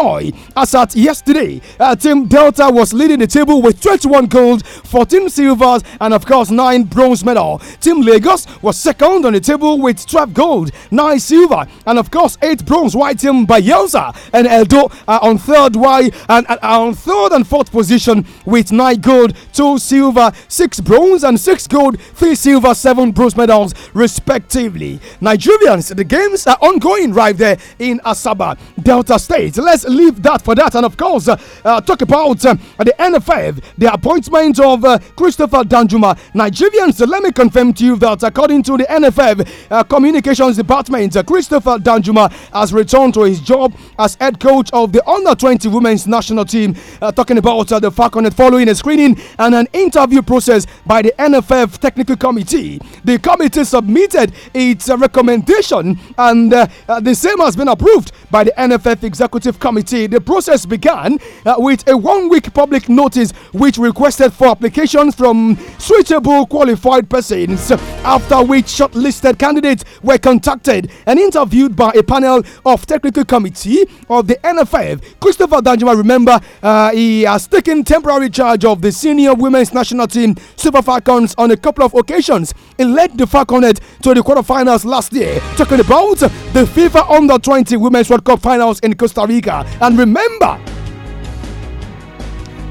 As at yesterday, uh, Team Delta was leading the table with 21 gold, 14 silvers, and of course 9 bronze medals. Team Lagos was second on the the table with 12 gold, 9 silver, and of course 8 bronze. White Team Bayelsa and Eldo are on third, while and, on third and fourth position with 9 gold, 2 silver, 6 bronze, and 6 gold, 3 silver, 7 bronze medals, respectively. Nigerians, the games are ongoing right there in Asaba, Delta State. Let's leave that for that, and of course, uh, uh, talk about uh, the NFF, the appointment of uh, Christopher Danjuma. Nigerians, let me confirm to you that according to the NFF, FF uh, Communications Department, uh, Christopher Danjuma, has returned to his job as head coach of the Under 20 Women's National Team. Uh, talking about the Falconet following a screening and an interview process by the NFF Technical Committee. The committee submitted its recommendation, and the same has been approved by the NFF Executive Committee. The process began uh, with a one week public notice which requested for applications from suitable qualified persons, after which shortly candidates were contacted and interviewed by a panel of technical committee of the NFF. Christopher Danjuma, remember, uh, he has taken temporary charge of the senior women's national team Super Falcons on a couple of occasions. He led the Falconet to the quarterfinals last year, talking about the FIFA Under 20 Women's World Cup finals in Costa Rica. And remember,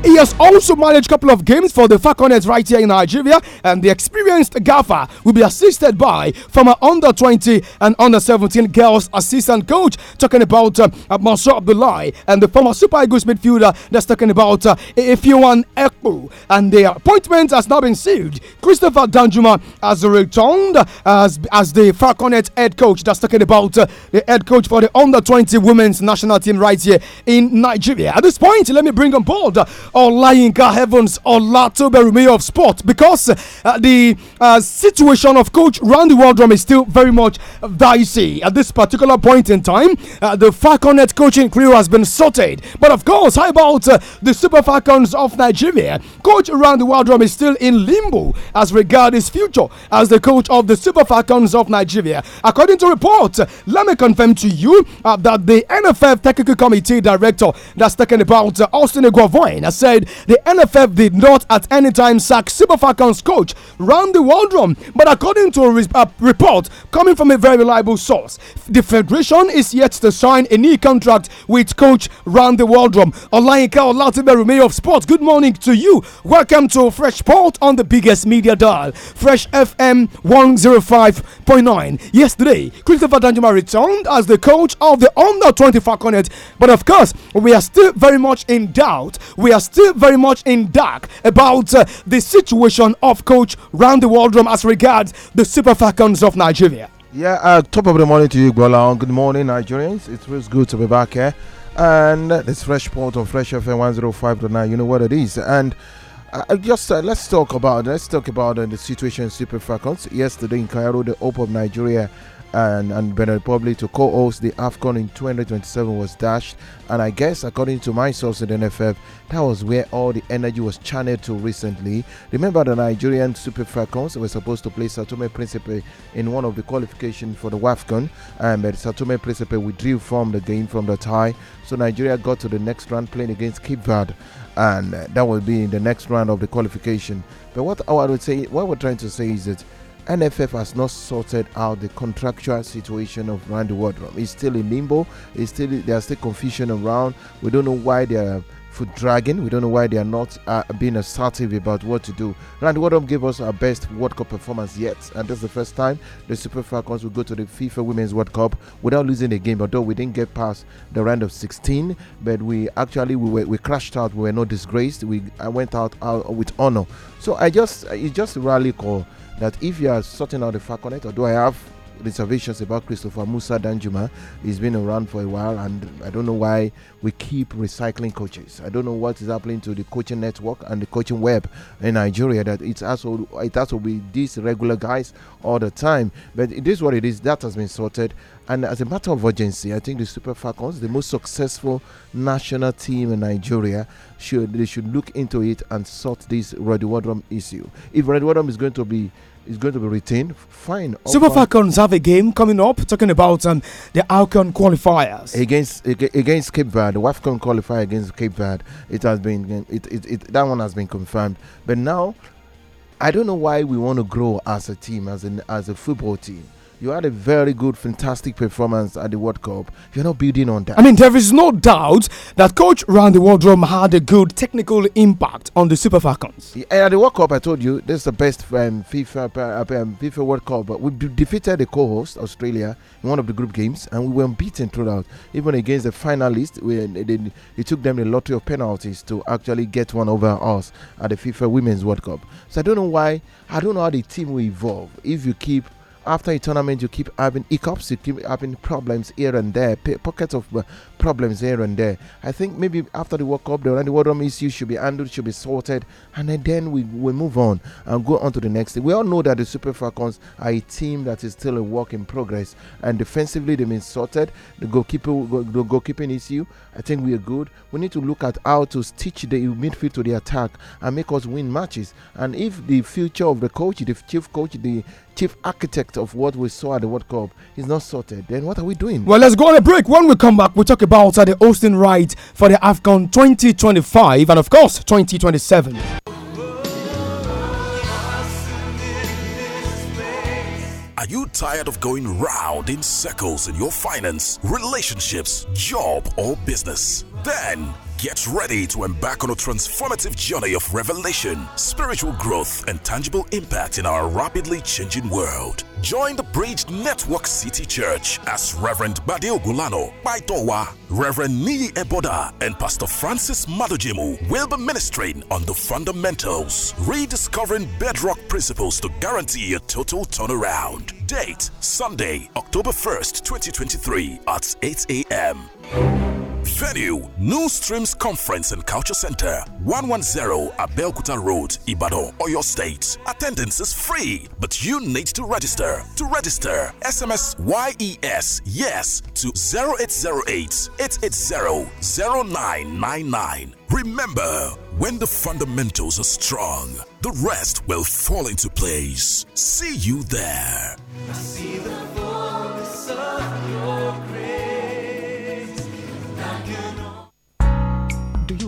he has also managed a couple of games for the Falconet right here in Nigeria, and the experienced Gaffer will be assisted by former under 20 and under 17 girls assistant coach, talking about uh, Mansour Abdullahi and the former Super Eagles midfielder that's talking about uh, Ifiwan Ekpo. And the appointment has now been sealed. Christopher Danjuma has returned as, as the Falconet head coach that's talking about uh, the head coach for the under 20 women's national team right here in Nigeria. At this point, let me bring on board. Uh, Olayinka Heavens Olatobe Mayor of Sport because uh, the uh, situation of coach Randy Waldrum is still very much dicey at this particular point in time. Uh, the Falconet coaching crew has been sorted, but of course, how about uh, the Super Falcons of Nigeria? Coach Randy Waldrum is still in limbo as regards his future as the coach of the Super Falcons of Nigeria. According to reports, let me confirm to you uh, that the NFF Technical Committee Director that's talking about uh, Austin Iguavoin has said the NFF did not at any time sack Super Falcons coach Randy Waldron, but according to a uh, report coming from a very reliable source, the federation is yet to sign a new contract with coach Randy Waldron. Olayinka Olatiberu, Mayor of Sports, good morning to you. Welcome to Fresh Port on the biggest media dial, Fresh FM 105.9. Yesterday, Christopher Danjuma returned as the coach of the under 20 Falconet, but of course, we are still very much in doubt. We are still very much in dark about uh, the situation of coach Randy Waldrum as regards the Super Falcons of Nigeria. Yeah, uh, top of the morning to you, Gola. Good morning, Nigerians. It feels good to be back here. And uh, this fresh port of Fresh FM 105.9, you know what it is. And uh, just uh, let's talk about let's talk about uh, the situation in Super Falcons yesterday in Cairo, the Hope of Nigeria and, and Benin Republic to co host the AFCON in 2027 was dashed. And I guess, according to my source at NFF, that was where all the energy was channeled to recently. Remember, the Nigerian Super Falcons were supposed to play Satome Principe in one of the qualification for the WAFCON, and um, uh, Satome Principe withdrew from the game from the tie. So Nigeria got to the next round playing against Cape Verde, and uh, that will be in the next round of the qualification. But what I would say, what we're trying to say is that NFF has not sorted out the contractual situation of Randy Wardrum. He's still in limbo. It's still there's still confusion around. We don't know why they're foot dragging. We don't know why they are not uh, being assertive about what to do. Randy Wardrum gave us our best World Cup performance yet, and that's the first time the Super Falcons will go to the FIFA Women's World Cup without losing a game. Although we didn't get past the round of 16, but we actually we were, we crashed out. We were not disgraced. We I went out, out with honor. So I just it's just rally call that if you are sorting out the far connect, or do I have reservations about Christopher Musa Danjuma. He's been around for a while, and I don't know why we keep recycling coaches. I don't know what is happening to the coaching network and the coaching web in Nigeria that it's also it has to be these regular guys all the time. But it is what it is. That has been sorted. And as a matter of urgency, I think the Super Falcons, the most successful national team in Nigeria, should they should look into it and sort this Redwardrum issue. If Redwardrum is going to be is going to be retained, fine. Super Falcons have a game coming up talking about um, the Alcon qualifiers against against Cape Verde. The WAFCON qualifier against Cape Verde. It has been it, it, it that one has been confirmed. But now, I don't know why we want to grow as a team as an as a football team you had a very good, fantastic performance at the World Cup. You're not building on that. I mean, there is no doubt that coach Randy Waldrum had a good technical impact on the Super Falcons. Yeah, at the World Cup, I told you, this is the best um, FIFA, uh, um, FIFA World Cup. But we defeated the co host, Australia, in one of the group games, and we were beaten throughout. Even against the finalists, we, it took them a the lottery of penalties to actually get one over us at the FIFA Women's World Cup. So I don't know why, I don't know how the team will evolve if you keep after a tournament, you keep having hiccups, you keep having problems here and there, pockets of uh, problems here and there. I think maybe after the World Cup, the Orlando issue should be handled, should be sorted, and then we we move on and go on to the next. We all know that the Super Falcons are a team that is still a work in progress, and defensively they've been sorted. The goalkeeper, the goalkeeping issue, I think we are good. We need to look at how to stitch the midfield to the attack and make us win matches. And if the future of the coach, the chief coach, the chief architect of what we saw at the World Cup is not sorted, then what are we doing? Well, let's go on a break. When we come back, we we'll talk about about the hosting ride for the AFCON 2025 and, of course, 2027. Are you tired of going round in circles in your finance, relationships, job, or business? Then Get ready to embark on a transformative journey of revelation, spiritual growth, and tangible impact in our rapidly changing world. Join the Bridge Network City Church as Reverend Badio Gulano, Baitowa, Reverend Nii Eboda, and Pastor Francis Madujimu will be ministering on the fundamentals, rediscovering bedrock principles to guarantee a total turnaround. Date Sunday, October 1st, 2023 at 8 a.m. Venue, New Streams Conference and Culture Center, 110 Abelkuta Road, Ibadan, Oyo State. Attendance is free, but you need to register. To register, SMS YES YES to 0808 880 0999. Remember, when the fundamentals are strong, the rest will fall into place. See you there. you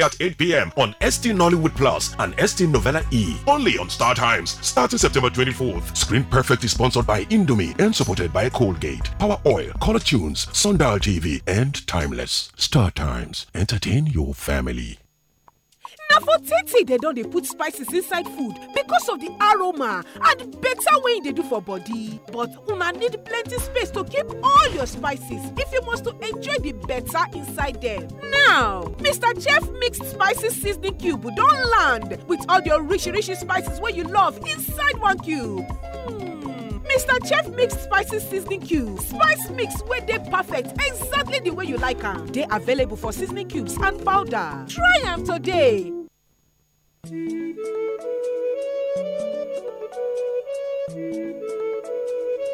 Friday at 8 p.m. on ST Nollywood Plus and ST Novella E. Only on Star Times, starting September 24th. Screen Perfect is sponsored by Indomie and supported by Colgate, Power Oil, Color Tunes, Sundial TV, and Timeless. Star Times, entertain your family. na for titi dem don dey put spices inside food because of the aroma and better wey e dey do for body but una need plenty space to keep all your spices if you must to enjoy the better inside dem now mr chef mixed spices seasoning cube don land with all the orishirishi spices wey you love inside one cube mr hmm, chef mixed spices seasoning cubes spice mix where they perfect exactly the way you like am dey available for seasoning cubes and powder try am today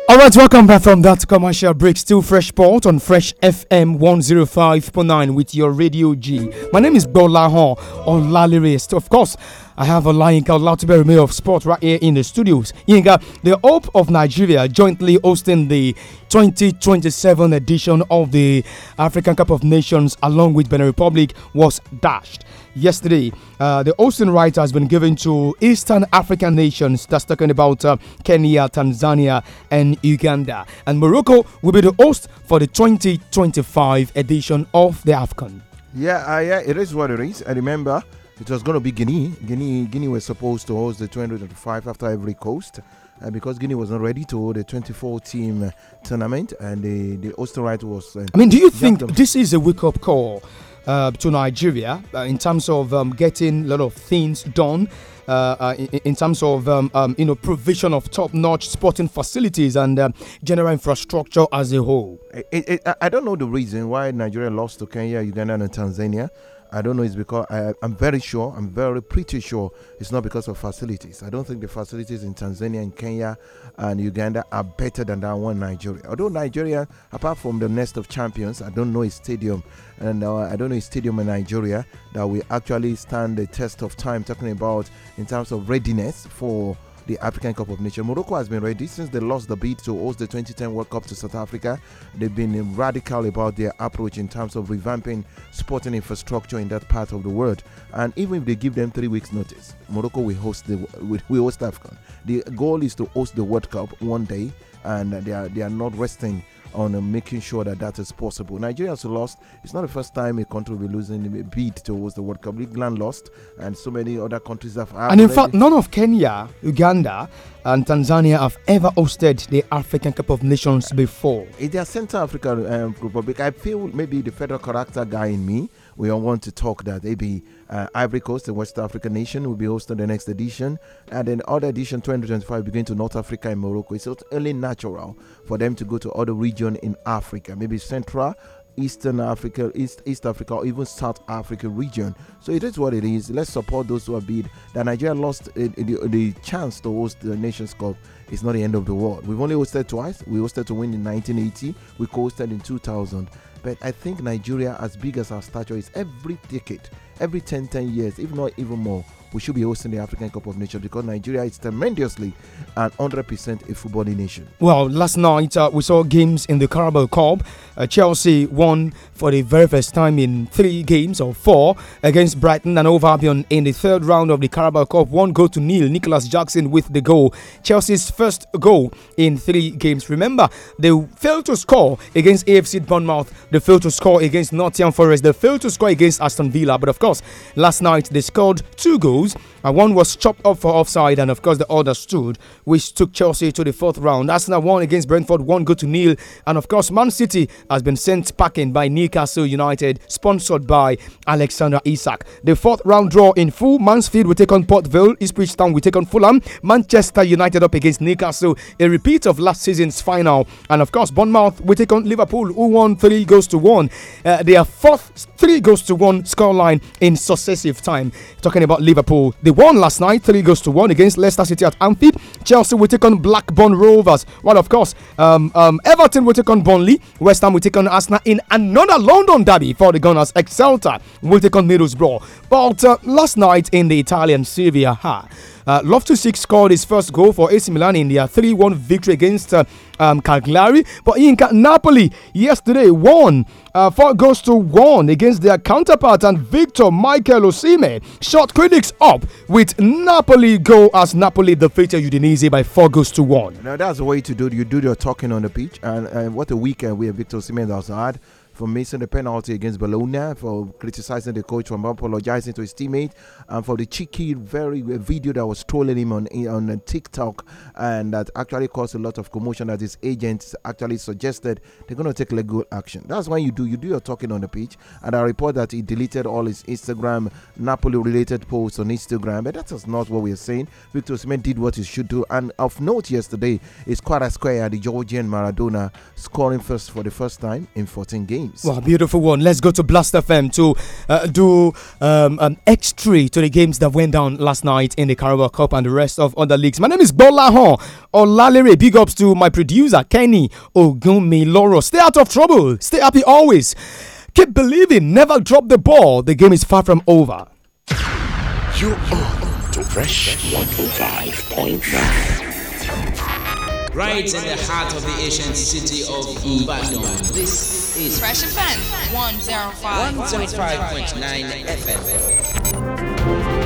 All right, welcome back from that commercial break. Still Fresh Port on Fresh FM 105.9 with your Radio G. My name is Bola Hon on Lalirist. Of course, I have a Olayinka Lautibere, Mayor of Sport, right here in the studios. Yinka, the Hope of Nigeria jointly hosting the 2027 edition of the African Cup of Nations along with Benin Republic was dashed yesterday. Uh, the hosting right has been given to Eastern African nations. That's talking about uh, Kenya, Tanzania, and Uganda. And Morocco will be the host for the 2025 edition of the AFCON. Yeah, uh, yeah, it is what it is. I remember it was going to be Guinea. Guinea, Guinea was supposed to host the 2025 after every coast. Uh, because Guinea was not ready to the 24 team uh, tournament and the, the Osterite was. Uh, I mean, do you think them. this is a wake up call uh, to Nigeria uh, in terms of um, getting a lot of things done. Uh, uh in, in, terms of um, um, you know provision of top-notch sporting facilities and um, general infrastructure as a whole. It, it, I don't know the reason why Nigeria lost to Kenya, Uganda, and Tanzania. I don't know. It's because I, am very sure. I'm very pretty sure it's not because of facilities. I don't think the facilities in Tanzania and Kenya and Uganda are better than that one in Nigeria. Although Nigeria, apart from the nest of champions, I don't know a stadium, and uh, I don't know a stadium in Nigeria that will actually stand the test of time. Talking about in terms of readiness for the African Cup of Nations. Morocco has been ready since they lost the bid to host the 2010 World Cup to South Africa. They've been radical about their approach in terms of revamping sporting infrastructure in that part of the world. And even if they give them three weeks' notice, Morocco will host the We host AFCON. The goal is to host the World Cup one day, and they are they are not resting on uh, making sure that that is possible. Nigeria lost. It's not the first time a country will be losing a bid towards the World Cup. England lost, and so many other countries have. And in fact, none of Kenya, Uganda, and Tanzania have ever hosted the African Cup of Nations before. It's their Central African um, Republic, I feel maybe the federal character guy in me we all want to talk that. It be uh, Ivory Coast, the West African nation, will be hosting the next edition. And then other edition 2025 begin to North Africa and Morocco. It's only natural for them to go to other region in Africa, maybe Central, Eastern Africa, East East Africa, or even South Africa region. So it is what it is. Let's support those who have bid. That Nigeria lost uh, the, the, chance to host the Nations Cup. It's not the end of the world. We've only hosted twice. We hosted to win in 1980. We co-hosted in 2000. But I think Nigeria, as big as our stature is, every decade, every 10, 10 years, if not even more, we should be hosting the African Cup of Nations because Nigeria is tremendously and 100% a footballing nation. Well, last night uh, we saw games in the Carabao Cup. Uh, Chelsea won for the very first time in three games or four against Brighton and Over Albion in the third round of the Carabao Cup. One goal to nil. Nicholas Jackson with the goal. Chelsea's first goal in three games. Remember, they failed to score against AFC Bournemouth. They failed to score against Nottingham Forest. They failed to score against Aston Villa. But of course, last night they scored two goals shows and one was chopped up for offside, and of course, the other stood, which took Chelsea to the fourth round. Arsenal won against Brentford, one good to nil. And of course, Man City has been sent packing by Newcastle United, sponsored by Alexander Isak. The fourth round draw in full. Mansfield will take on Port Vale, Ipswich Town will take on Fulham, Manchester United up against Newcastle, a repeat of last season's final. And of course, Bournemouth will take on Liverpool, who won three goes to one. Uh, fourth, three goals to one scoreline in successive time. Talking about Liverpool, they won last night, 3 goals to 1 against Leicester City at Anfield. Chelsea will take on Blackburn Rovers. Well, of course, um, um, Everton will take on Burnley. West Ham will take on Arsenal in another London derby for the Gunners. Excelta will take on Middlesbrough. But uh, last night in the Italian Serie A, uh, Loftus Cheek scored his first goal for AC Milan in their 3 1 victory against uh, um, Cagliari. But in Napoli yesterday won uh, 4 goals to 1 against their counterpart and Victor Michael Osime shot critics up with Napoli goal as Napoli defeated Udinese by 4 goals to 1. Now that's the way to do it. You do your talking on the pitch and, and what a weekend we have Victor Osime has had for missing the penalty against Bologna, for criticizing the coach, for apologizing to his teammate, and for the cheeky very uh, video that was trolling him on eh, on uh, TikTok, and that actually caused a lot of commotion. That his agents actually suggested they're going to take legal action. That's what you do you do your talking on the pitch, and I report that he deleted all his Instagram Napoli related posts on Instagram, but that is not what we are saying. Victor Smith did what he should do, and of note yesterday is a Square, the Georgian Maradona scoring first for the first time in 14 games games. Wow, beautiful one. Let's go to Blast FM to uh, do um, an extra to the games that went down last night in the Carabao Cup and the rest of other leagues. My name is Bola Hon Olalere. Big ups to my producer, Kenny Loro, Stay out of trouble. Stay happy always. Keep believing. Never drop the ball. The game is far from over. You are to Fresh 105.9 right in the heart of the ancient city of Ibadan. This is Fresh FM, 105.9 105. 105. 105. 105. 105. 105. 105. 105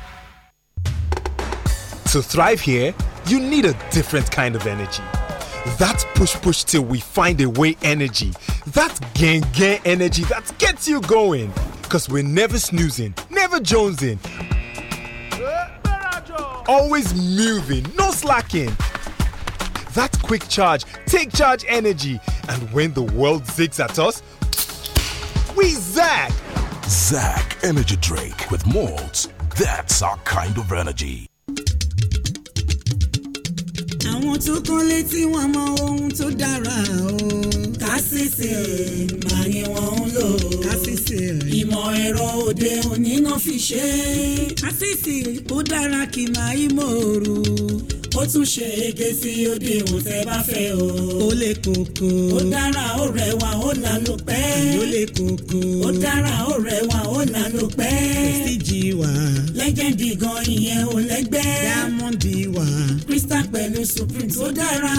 To thrive here, you need a different kind of energy. That push push till we find a way energy. That gang gang energy that gets you going. Cause we're never snoozing, never jonesing. Always moving, no slacking. That quick charge, take charge energy. And when the world zigs at us, we zag. Zag Energy Drake with malts. That's our kind of energy. àwọn tó kán létí wọn mọ ohun tó dára o. kásìsì mà ni wọ́n ń lò. kásìsì ìmọ̀ ẹ̀rọ òde òní náà fi ṣe. kásìsì ó dára kì máa í mòrú ó tún ṣe ege sí odi ìwò tẹ bá fẹ́ o. ó lè kókó. ó dára ó rẹwà ó lànà pẹ́. ó lè kókó. ó dára ó rẹwà ó lànà pẹ́. prestige wa lẹ́gẹ̀dì gan ìyẹn ò lẹ́gbẹ́. diamond wà. crystal pẹ̀lú supreme tó dára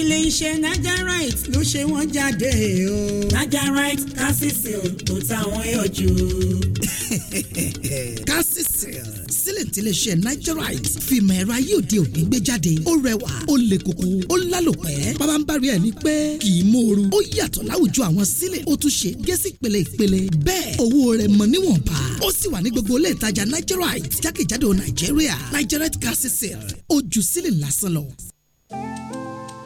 ilé iṣẹ́ Nigerite ló ṣe wọ́n jáde o. Nigerite calcicil kò táwọn yọjú. calcicil àgbékalẹ̀ tiléeṣẹ́ nigerite fìmọ̀ ẹ̀rọ ayé òde òní gbé jáde ó rẹwà ó le koko ó lálòpẹ́ bàbá ń bari ẹ̀ ní pé kì í mòoru ó yàtọ̀ láwùjọ àwọn sílẹ̀ ó tún ṣe gẹ́sì pèlè ìpèlè bẹ́ẹ̀ owó rẹ̀ mọ̀ níwọ̀nba ó sì wà ní gbogbo ilé ìtajà nigerite jákèjádò nàìjíríà nigerite gas sale ó ju sílẹ̀ lásán lọ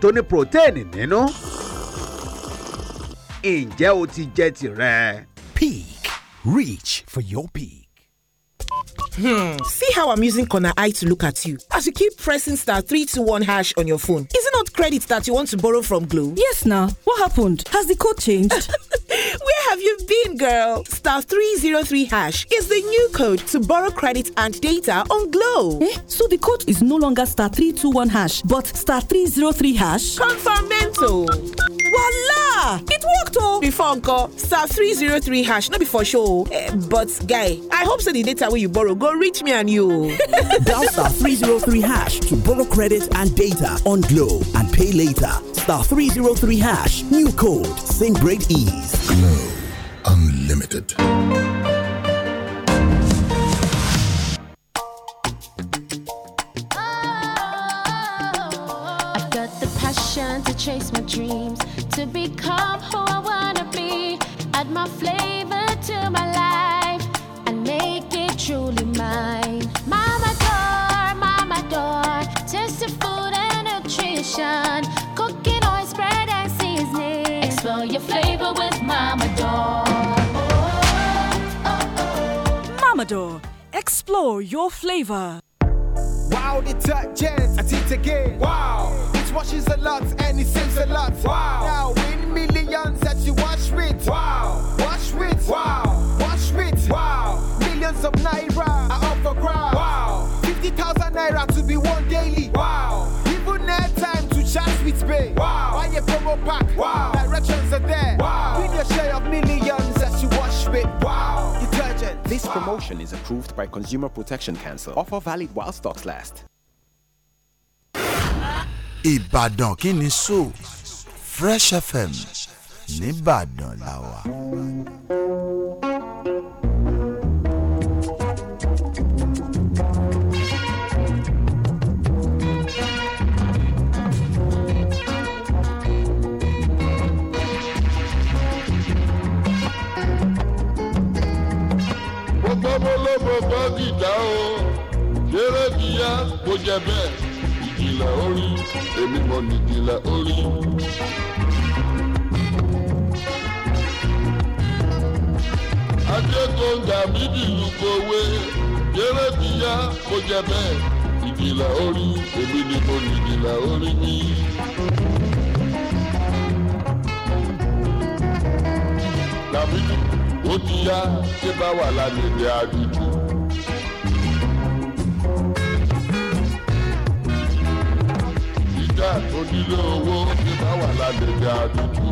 tó ní protein nínú. ǹjẹ́ o ti jẹ tirẹ̀? Peak. Reach for your peak. Hmm. See how I'm using corner eye to look at you as you keep pressing star 321 hash on your phone. Is it not credit that you want to borrow from Glow? Yes, now. What happened? Has the code changed? Where have you been, girl? Star 303 hash is the new code to borrow credit and data on Glow. Eh? So the code is no longer star 321 hash, but star 303 hash? Confirmento. Voila! It worked, oh! Before, uncle, star 303 hash, not before show. Uh, but, guy, I hope so the data will you borrow go go reach me and you. Dial star 303 hash to borrow credit and data on Glow and pay later. Star 303 hash, new code, same great ease. Glow Unlimited. chase my dreams, to become who I wanna be, add my flavor to my life truly mine. Mama door, mama door, tasty food and nutrition. Cooking oil spread and seasoning. Explore your flavor with Mama door. Mama door, explore your flavor. Wow, detergent, I teach again. Wow, it washes a lot and it saves a lot. Wow, now win millions that you wash with. Wow, wash with. Wow, wash with. Wow millions of naira are up for grabs. Wow. 50,000 naira to be won daily. Wow. Even air time to chat with pay. Wow. Buy a promo pack. Wow. Directions are there. Wow. Win your share of millions as you watch with. Wow. Detergent. This wow. promotion is approved by Consumer Protection Council. Offer valid while stocks last. Ibadan kini so Fresh FM. nìbàdàn la wà. bọ́bólóbo bọ́gìtà o dérédìá kò jẹ bẹ́ẹ̀ ìjìnlẹ̀ orí èmi mọ̀ nìjìnlẹ̀ orí. adékòǹgà bíbí lùkọ̀wé dérédìá kò jẹ bẹ́ẹ̀ ìjìnlẹ̀ orí èmi ni mo nìjìnlẹ̀ orí mi. Thank ó ti yá tí bá wà lágbègbè àdúgbò. ìjà onílé owó tí bá wà lágbègbè àdúgbò.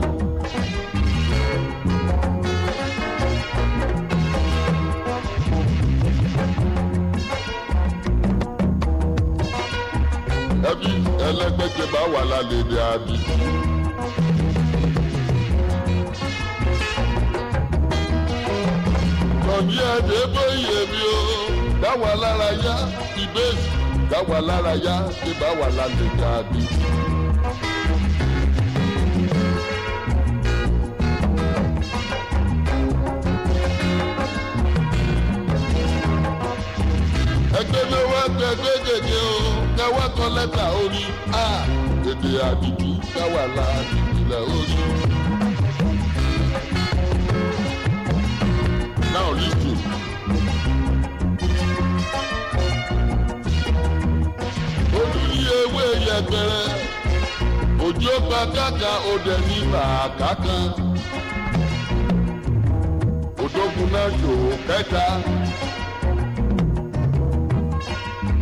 ẹbí ẹlẹgbẹjẹ bá wà lágbègbè àdúgbò. àkànbí adébóyè mi o dáwà lára yá ìbéèsì dáwà lára yá ìbáwà lálẹ́ káàdì. ẹgbẹ́ ló wá gbẹgbẹ́ gègé o káwá kan lẹ́tà orí a èdè àdìdú káwá la ìpìlẹ̀ orí. Listu. Olórí ewé yẹpẹrẹ, òjò pa káka òdẹ ní bàákà kan. Òdògùn náà ṣòwò kẹta.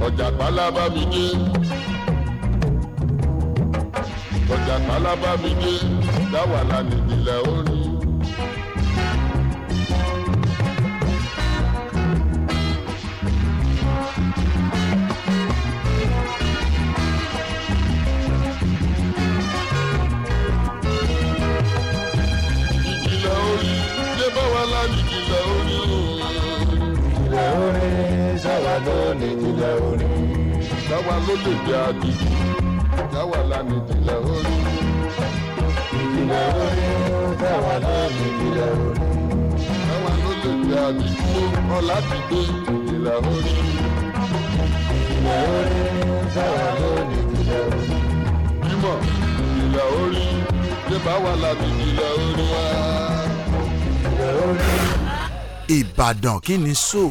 Ọjà pálábá mi dé. Ọjà pálábá mi dé. Dáwà lánìí ìpìlẹ̀ òní. sáwà náà nìjìlá orí sáwà ló lè jẹ àdìjú jáwà lá orí nìjìlá orí sáwà náà nìjìlá orí sáwà ló lè jẹ àdìjú ti dé nìjìlá orí nìjìlá orí sáwà náà nìjìlá orí bímọ nìjìlá orí ṣé bá wà lá nìjìlá orí wá. Ìbàdàn kí ni sóò.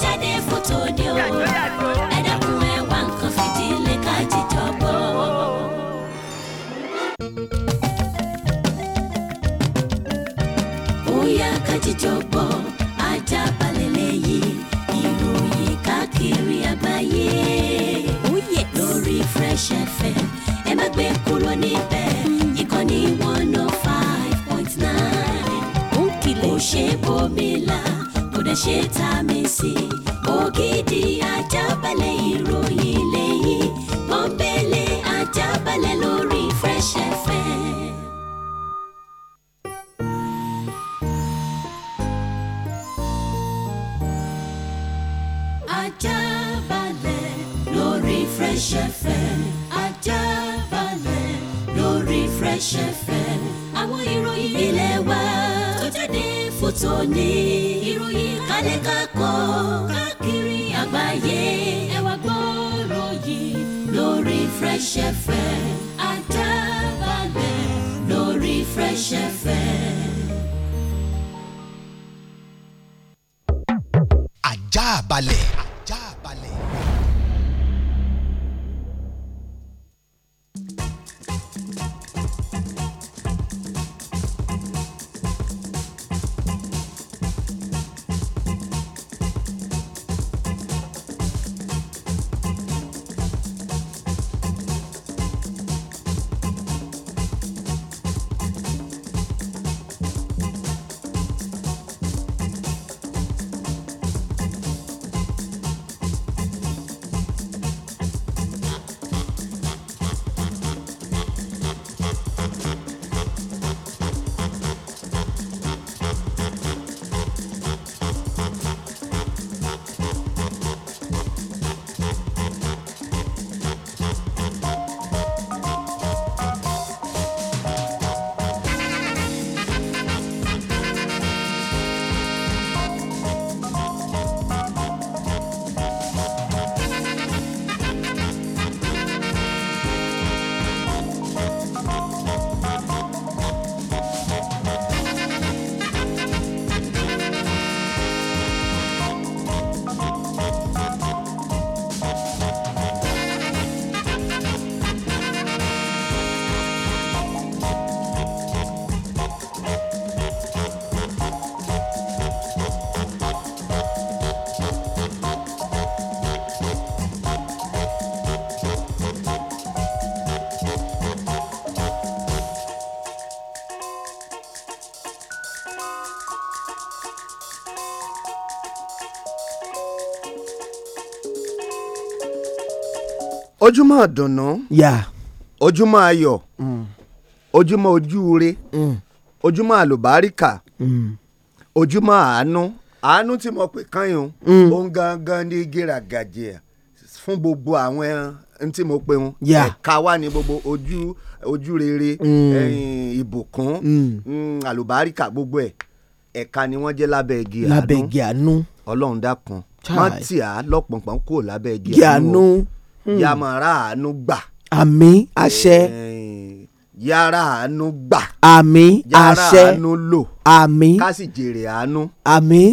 jáde fótó ni o ẹ dákun ẹ wá nǹkan fìdílé ká jíjọ gbọ́. bóyá ká jíjọ gbọ́ ajá balẹ̀ lẹ́yìn ìròyìn káàkiri àgbáyé oh lórí Fresh FM ẹ má gbé kúrò níbẹ̀ ìkànnì one oh five point nine kò ṣe bómi láà ṣe ta a mi sí ògidì ajábalẹ̀ ìròyìn. tòní ìròyìn kálẹ̀ kakọ́ káàkiri àgbáyé ẹ wá gbọ́rọ̀ yìí lórí Fresh FM Àdábàgbẹ̀ lórí Fresh FM. ojúmọ́ ọ̀dùnnú ojúmọ́ ayọ̀ mm. ojúmọ́ ojúure mm. ojúmọ́ àlùbáríkà mm. ojúmọ́ àánú àánú tí mo pè kán yìí òun gangan ní gíràgàjẹ́ fún gbogbo àwọn ẹran tí mo pe wọn ẹ̀ka wà ní gbogbo ojú ojú rere ìbùkún àlùbáríkà gbogbo ẹ̀ ẹ̀ka ni wọ́n jẹ́ lábẹ́ igi àánú ọlọ́run dákun má tì á lọ́pọ̀npọ̀n kúrò lábẹ́ igi àánú o. Hmm. yá máa ráàánú gbà. àmín àṣẹ. yára àánú gbà. àmín àṣẹ. yára àánú lò. àmín ká sì jèrè àánú. àmín.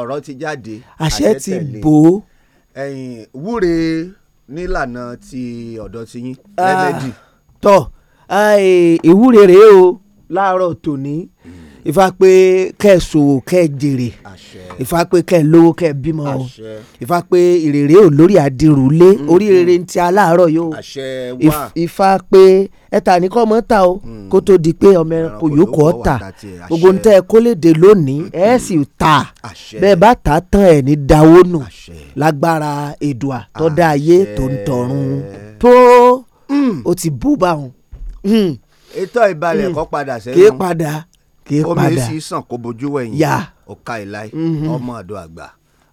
ọ̀rọ̀ ti jáde. àṣẹ ti bò ó. wúre nílànà ti ọ̀dọ̀ ti yín ah, lẹ́mẹ̀dì. tọ́ ah, ìwúre rèé o láàárọ̀ tòní. Hmm. Ifá pé kẹ́ ẹ ṣòwò kẹ́ ẹ jèrè Ifá pé kẹ́ ẹ lówó kẹ́ ẹ bímọ o Ifá pé ìrèrè ò lórí àdìrúlé mm-hmm. orí rere ń ti aláàárọ̀ yóò Ifá pé ẹta ní kọ́ ọmọ ta o mm. kó tó di pé ọmọ ẹranko yòókù ọ ta gbogbo ń tẹ́ ẹ kó lè dé lónìí ẹ mm-hmm. sì ta bẹ́ẹ̀ bá ta tán ẹ̀ ní dáwó nù lágbára èdùà tó dá ayé tó ń tọrun mm. tó mm. o ti bú báwọn. ètò hmm. ìbalẹ̀ hmm. kọ́ padà sẹ́yìn. kì padà kì padà omi èsì sàn kó bojú wẹ̀yìn ọ̀ka e ìlàyé mhm. ọmọ ọ̀dọ̀ àgbà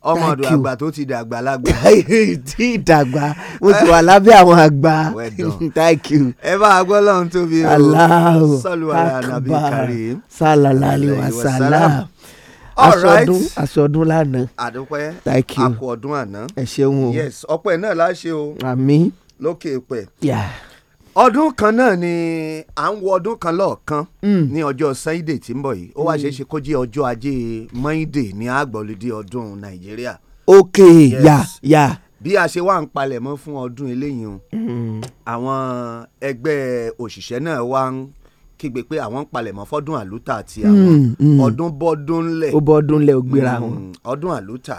ọmọ ọ̀dọ̀ àgbà tó ti dàgbà lágbà. tí ìdàgbà mo ti wà lábẹ́ àwọn àgbà thank you. ẹ bá a gbọ́ lọ́run tóbi o Allahu Akbar sálàlá àlewà sálàm aṣọdún aṣọdún lánàá. àdúpẹ́ thank you àkọ́ ọdún àná. ẹ ṣeun o yes ọpẹ́ náà láṣẹ o. àmín. lókè pẹ̀. yàà ọdún kan náà ni à ń wọ ọdún kan lọ́ọ̀kan mm. ní ọjọ́ sunday tí ń bọ̀ yìí ó wá mm. ṣeé ṣe kó jẹ́ ọjọ́ ajé monday ní àgbọ̀lódé ọdún nàìjíríà. ok ya ya. bí a ṣe wá ń palẹ̀mọ́ fún ọdún eléyìí o mm. àwọn ẹgbẹ́ òṣìṣẹ́ náà wá ń kígbe pé àwọn ń palẹ̀mọ́ fọ́dún àlùtà àti àwọn ọdún bọ́dún ńlẹ̀. ó bọ́dún ńlẹ̀ ó gbéra wọn. ọdún àlùtà.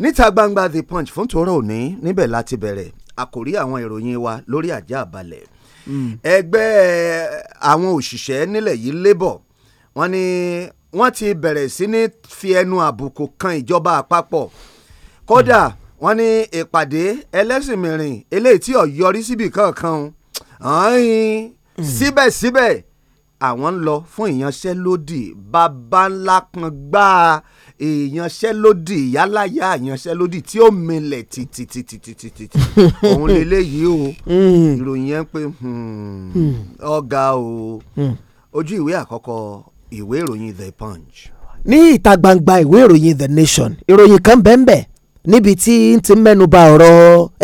níta gbangba the punch fún tòró òní níbẹ̀ láti bẹ̀rẹ̀ àkòrí àwọn ìròyìn wa lórí àjà àbálẹ̀ hmm. ẹgbẹ́ àwọn òṣìṣẹ́ nílẹ̀ yìí labour wọ́n ní wọ́n ti bẹ̀rẹ̀ sí ní fi ẹnu àbùkù kan ìjọba àpapọ̀ kódà hmm. wọ́n ní ìpàdé ẹlẹ́sìn mìíràn eléyìí tí ò yọrí síbi kankan ọ̀hìn hmm. síbẹ̀síbẹ̀ àwọn ń lọ fún ìyanṣẹ́lódì bàbá kan gbáà ìyanṣẹ́lódì ìyáláyà ìyanṣẹ́lódì tí ó mìlẹ̀ tìtìtìtìtìtì òun lélẹ́yìí o hmm. ìròyìn yẹn pé hmm, hmm. ọ̀gá o ojú ìwé àkọ́kọ́ ìwé ìròyìn the punch. ní ìta gbangba ìwé ìròyìn the nation ìròyìn kan bẹ́ẹ̀ níbi tí n ti mẹ́nuba ọ̀rọ̀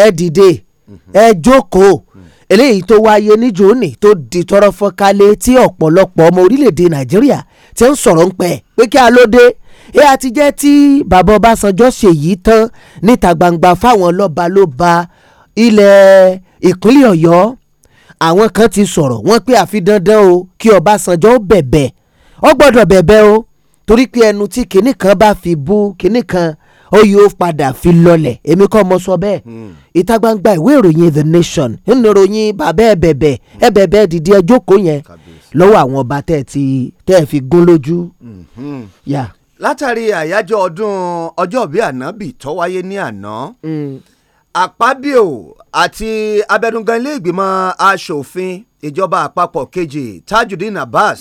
ẹ dìde mm-hmm. ẹ jókòó mm-hmm. eléyìí tó wáyé ní jóni tó di tọrọ fọ́nkálẹ̀ tí ọ̀pọ̀lọpọ̀ ọmọ orílẹ̀-èdè nàìjíríà tí ń sọ̀rọ̀ ń pẹ́ pé kí a ló dé ẹ àti jẹ́ tí bàbá Ọbásanjọ́ ṣèyí tán níta gbangba fáwọn lọ́ba ló ba ilẹ̀ ìpínlẹ̀ Ọ̀yọ́ àwọn kan ti sọ̀rọ̀ wọ́n pé àfi dandan o kí Ọbásanjọ́ bẹ̀bẹ̀ ọ gbọ́dọ̀ bẹ̀bẹ̀ o torí pé ẹnu tí kinní kan bá fi bú kinní kan ó yóò padà fi lọlẹ̀ èmi kọ́ mo sọ bẹ́ẹ̀ hmm. ìta gbangba ìwé ìròyìn The Nation ń ròyìn bàbá ẹ̀ bẹ̀bẹ̀ ẹ̀ bẹ̀bẹ̀ dìde ẹjọ́ yẹn lọ́wọ́ àwọn ọba tẹ́ ẹ ti tẹ́ ẹ fi gún lójú. Mm-hmm. látàrí àyájọ́ ọdún ọjọ́bí ànábì tó wáyé ní àná mm. àpábíò àti abẹnugan ilé ìgbìmọ̀ asòfin ìjọba àpapọ̀ kejì tajudeen abbas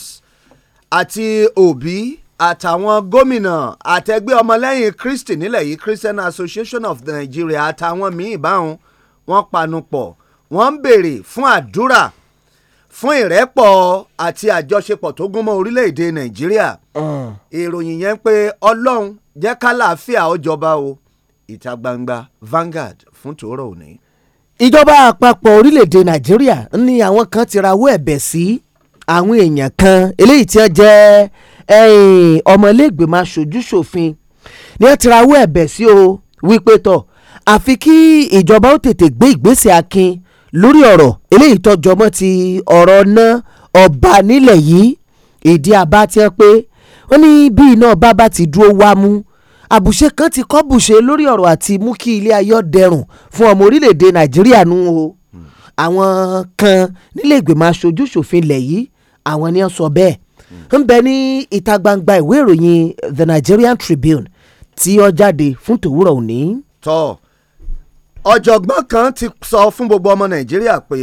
àti òbí àtàwọn gómìnà àtẹgbẹ́ ọmọlẹ́yìn kristi nílẹ̀ yìí christian association of nigeria àtàwọn míì báwọn wọ́n panupọ̀ wọ́n ń béèrè fún àdúrà fún ìrẹ́pọ̀ àti àjọṣepọ̀ tó gúnmọ́ orílẹ̀-èdè nàìjíríà ah. ìròyìn yẹn pé ọlọ́run jẹ́ kálàáfíà ọjọba o ìta gbangba Vanguard fún tòórọ̀ òní. ìjọba àpapọ̀ orílẹ̀-èdè nàìjíríà ní àwọn kan ti rawọ́ ẹ̀bẹ̀ sí àwọn èèyàn kan eléyìí tí wọ́n jẹ́ ọmọlẹ́gbẹ̀mọ aṣojú-ṣòfin ni wọ́n ti rawọ́ ẹ̀bẹ̀ sí o wípé tọ̀ àfi kí ìjọba ó tètè gbé ìgbésẹ̀ akin lórí ọ̀rọ̀ eléyìí tọ́jọ́ mọ́ ti ọ̀rọ̀ ná ọba nílẹ̀ yìí ìdí àbá ti hàn pé ó ní bí iná ọba bá ti dúró wá mú àbùṣe kan ti kọ́ bùṣe lórí ọ̀rọ̀ àti mú kí ilé ayọ̀ dẹrùn fún ọmọ orílẹ̀-èdè nàìjíríà nù o àwọn kan nílé ìgbìmọ̀ aṣojú ṣòfin ilẹ̀ yìí àwọn ni wọ́n sọ bẹ́ẹ̀ ń bẹ ní ìta gbangba ìwé ìròyìn The Nigerian Tribune tí ó jáde fún tòwúrọ̀ òní. tọ́ọ̀ ọ̀jọ̀gbọ́n kan ti sọ fún gbogbo ọmọ nàìjíríà pé